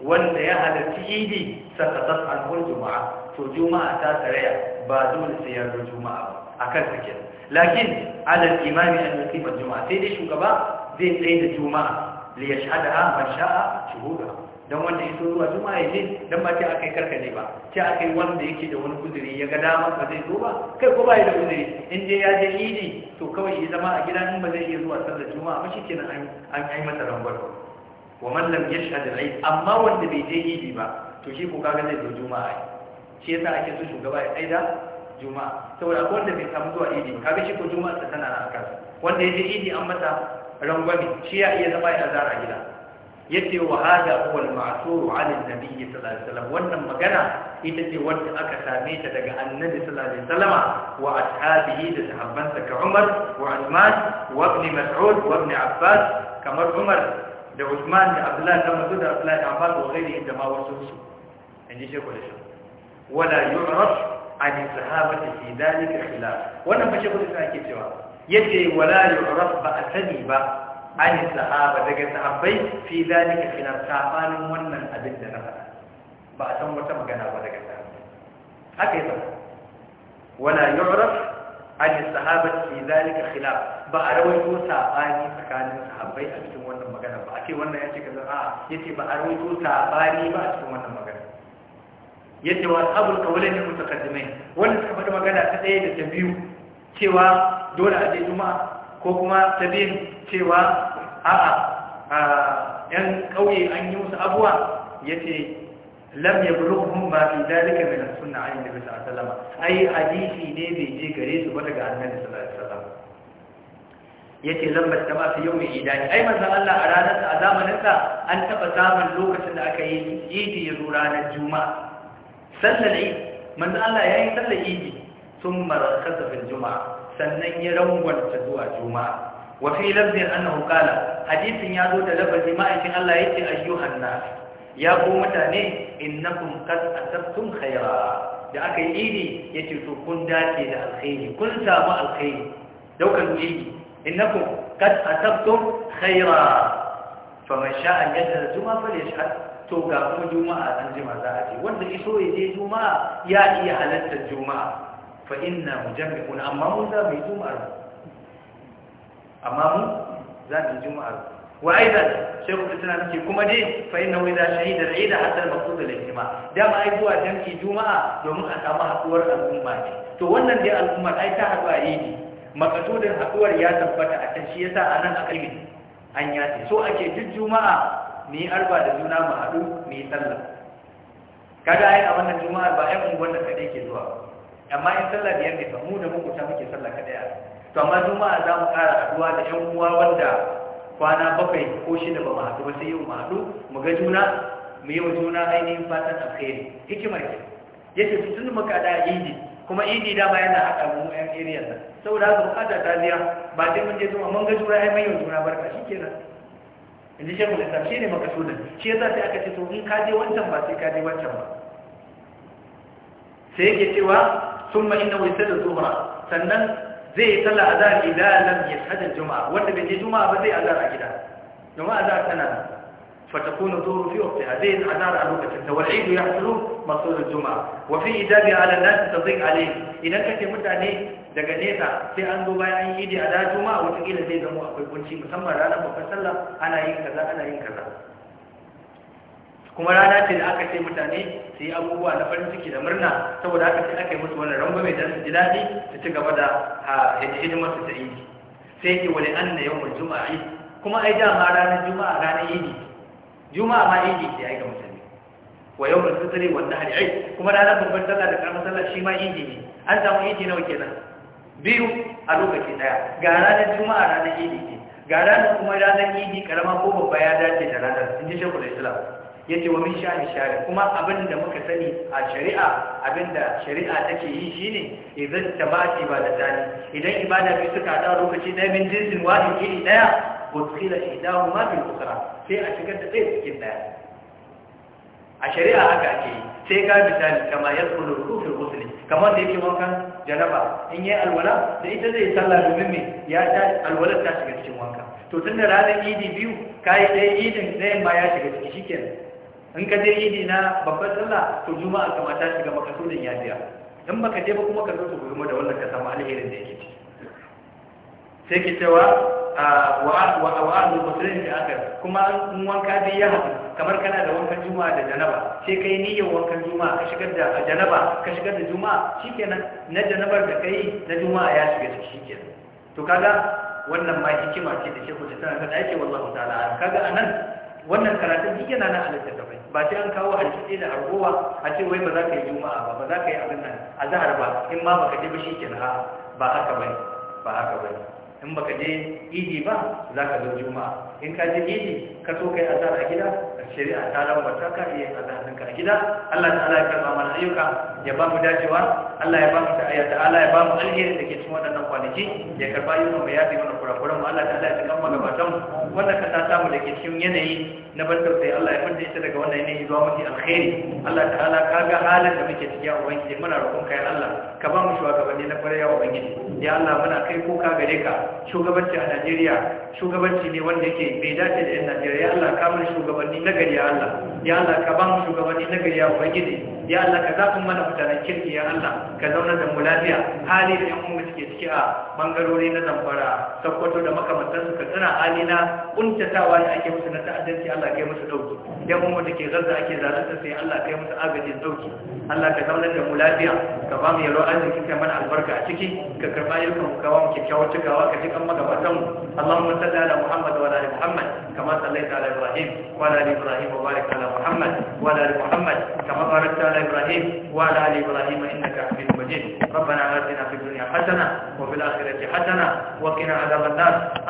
wanda ya halarci idi sakatat anhu juma'a to juma'a ta tsaraya ba dole sai ya zo juma'a ba akan sakin lakin ala imami an yuqima juma'a sai dai shugaba zai tsaye da juma'a da li yashhadaha man sha'a shuhuda Don wanda ya so zuwa juma'a ce, don ba ce yi karka ne ba ce yi wanda yake da wani kuduri ya ga dama ba zai zo ba kai ko ba yi da kuduri in dai ya je idi to kawai ya zama a gida in ba zai iya zuwa sallar juma'a ba shikenan an an yi masa rangwar wa man lam yashhad al-eid amma wanda bai je idi ba to shi ko kaga zai zo juma'a shi yasa ake so shugaba ya tsaida juma'a saboda akwai wanda bai samu zuwa idi ba kaga shi ko juma'a ta tana nan akan wanda ya idi an mata rangwame shi ya iya zama ya zara gida yace wa hada huwa al-ma'thur 'ala an-nabi sallallahu alaihi wasallam wannan magana ita ce wanda aka same ta daga annabi sallallahu alaihi wasallam wa ashabihi da sahabbansa ka Umar wa Uthman wa ibn Mas'ud wa ibn Abbas kamar Umar da Uthman da Abdullah da Mas'ud da Abdullah da Abbas wa ghairihi da ma wasu su inji shi ko da shi wala yu'raf an sahabati fi dalika khilaf wannan fashe kudi sai ake cewa yace wala yu'raf ba asani ba an sahaba daga sahabbai fi dalika khilaf sabanin wannan abin da na faɗa ba a san wata magana ba daga sahabbai haka yasa wala yu'raf an sahabati fi dalika khilaf ba a rawaito sabani tsakanin sahabbai a cikin wannan magana ba ake wannan yace ba ba a cikin wannan magana yace wa abul qawlain mutaqaddimain wanda suka faɗi magana ta ɗaya da ta biyu cewa dole a je juma'a ko kuma ta biyu cewa a'a yan ƙauye an yi musu abuwa yace lam yablughuhum ma fi dalika min as-sunnah ayi da sallallahu alaihi wasallam ai hadisi ne bai je gare su ba daga annabi sallallahu alaihi wasallam yace lamma tama fi yawmi idani ai manzon Allah a ranar a zamanin sa an taɓa samun lokacin da aka yi idi ranar juma'a sallar Eid manzo Allah yi sallar Eid thumma rakhasa kasafin Juma'a sannan ya rangwanta zuwa Juma'a wa fi lafzin annahu qala hadisin ya zo da lafazi ma'aikin Allah ya yake ayyuhan nas ya ku mutane innakum qad atabtum khaira da aka yi ya ce to kun dace da alkhairi kun samu alkhairi daukan idi innakum qad atabtum Fa mai sha'an yadda juma'a zuma falyashhad to ga kuma juma'a an jima za a je wanda so ya je juma'a ya iya halartar juma'a fa inna mujammi'un amma mun za mu yi juma'ar amma mun za mu yi juma'ar wa aidan shehu islam ce kuma dai fa inna idza shahida al-eid hatta al-maqsud al-ijtima da ma ai zuwa jam'i juma'a domin a samu haɗuwar al'umma ne to wannan dai al'umma ai ta haɗu a yi makasudin haɗuwar ya tabbata a can shi yasa anan a kalmi an yace so ake duk juma'a mu yi arba da juna mu haɗu mu yi sallah kada ai a wannan juma'ar ba ai unguwar da kaɗai ke zuwa amma in sallah biyar ne fa mu da makwabta muke sallah kaɗai a to amma juma'a za mu ƙara haɗuwa da ƴan uwa wanda kwana bakwai ko shida ba mu haɗu ba sai yau mu haɗu mu ga juna mu yi wa juna ainihin fatan alkhairi hikimar ke yace tun muka da idi kuma idi dama yana haɗa mu ƴan area nan saboda haka bukata ta biya ba sai mun je zuwa, mun ga juna ai mai yau juna barka shikenan inda shekul islam shi ne makasudan shi ya sai aka ce to in kaje wancan ba sai kaje wancan ba sai yake cewa sun ma inna wisa da zuhra sannan zai yi sallah azhar idan lam yashhad juma'a wanda bai je juma'a ba zai azhar a gida juma'a azhar tana فتكون الظهر في وقتها زي الأذار على وقتها والعيد يحصل مصدر الجمعة وفي إيجابها على الناس تضيق عليه idan kake mutane daga nesa sai an zo bayan an yi da da juma a wata kila zai zama akwai kunci musamman ranar babban sallah ana yin kaza ana yin kaza kuma rana ce da aka ce mutane su yi abubuwa na farin ciki da murna saboda haka sai aka yi musu wannan rangwame mai dan ji daɗi su ci gaba da hidimar su ta yi sai ke wani an na yawan juma'a kuma ai dama ranar juma'a ranar yini juma'a ma yini ke ai ga mutane wa yau da sutare wanda ai kuma ranar babban sallah da karamar sallah shi ma idi ne an samu idi nawa kenan biyu a lokaci daya ga ranar juma'a ranar idi ne ga ranar kuma ranar idi karama ko babba ya dace da ranar in ji shekul islam ya ce wa min sha'ani sha'ani kuma abin da muka sani a shari'a abin da shari'a take yi shine idan ta ba da zani idan ibada biyu suka hada lokaci ɗaya min jinsin wahid iri ɗaya dawo ma bil kusura. sai a shigar da ɗaya cikin ɗaya a shari'a haka ake yi sai ga misali kama ya tsoro rufin musulmi kamar da yake wankan janaba in yi alwala da ita zai sallah domin mai ya ta alwala ta shiga cikin wanka to tun da ranar idi biyu ka yi ɗaya idin zai ma ya shiga ciki shikenan in ka je idi na babban sallah to juma'a kamata shiga makasudin ya biya in baka je ba kuma ka zo su gurma da wannan ka samu alherin da yake ciki sai ke cewa ah, wa azu musulun da aka kuma in wanka dai ya haɗu kamar kana da wankan juma'a da janaba sai ka yi niyyar wankan juma'a ka shigar da janaba ka shigar da juma'a shikenan na janabar da kai na juma'a ya shiga ciki shikenan to kaga wannan ma hikima ce da shekul tana ta ake wallahu ta'ala kaga anan wannan karatun duk na nan a littattafai ba sai an kawo alkiɗe da argowa a ce wai ba za ka yi juma'a ba ba za ka yi abin nan a zahar ba in ma baka je ba shikenan ba haka bane ba haka bane in baka je idi ba za ka zo juma'a in ka je idi ka so kai azhar a gida shari'a ta ta ka iya a zanen ka gida Allah ta'ala ya karba mana ayyuka ya ba mu dacewa Allah ya ba mu ta'ayya allah ya ba mu alheri da ke cikin waɗannan kwanaki ya karba yi mu bayani fi mana kurakuran mu Allah ta'ala ya tsaka mana gabatan wannan ka ta samu da ke cikin yanayi na ban tausayi Allah ya fidda ita daga wannan yanayi zuwa mafi alheri Allah ta'ala ka ga halin da muke cikin a ubangiji mana roƙon kai Allah ka ba mu shugabanni na kwarewa ubangiji ya Allah muna kai kuka gare ka shugabanci a Najeriya shugabanci ne wanda yake bai dace da 'yan Najeriya Allah ka mana shugabanni na nagari ya Allah ya Allah ka ba mu shugabanni nagari ya ubangiji ya Allah ka zafin mana mutanen kirki ya Allah ka zauna da mu lafiya hali da yan umu suke ciki a bangarori na zamfara sakkwato da makamantansu ka tsira hali na kuntatawa da ake musu na ta'addanci Allah kai musu dauki yan umu da ke zarza ake zalunta sai Allah kai musu agajin dauki Allah ka zauna da mu lafiya ka ba mu yaro an kai mana albarka a ciki ka karba yau ka kawo mu kyakkyawar cikawa ka ji kan magabatan mu Allahumma salli ala Muhammad wa ala Muhammad kama sallaita ala Ibrahim wa ala إبراهيم وبارك على محمد وعلى آل محمد كما باركت على إبراهيم وعلى آل إبراهيم إنك حميد مجيد ربنا آتنا في الدنيا حسنة وفي الآخرة حسنة وقنا عذاب النار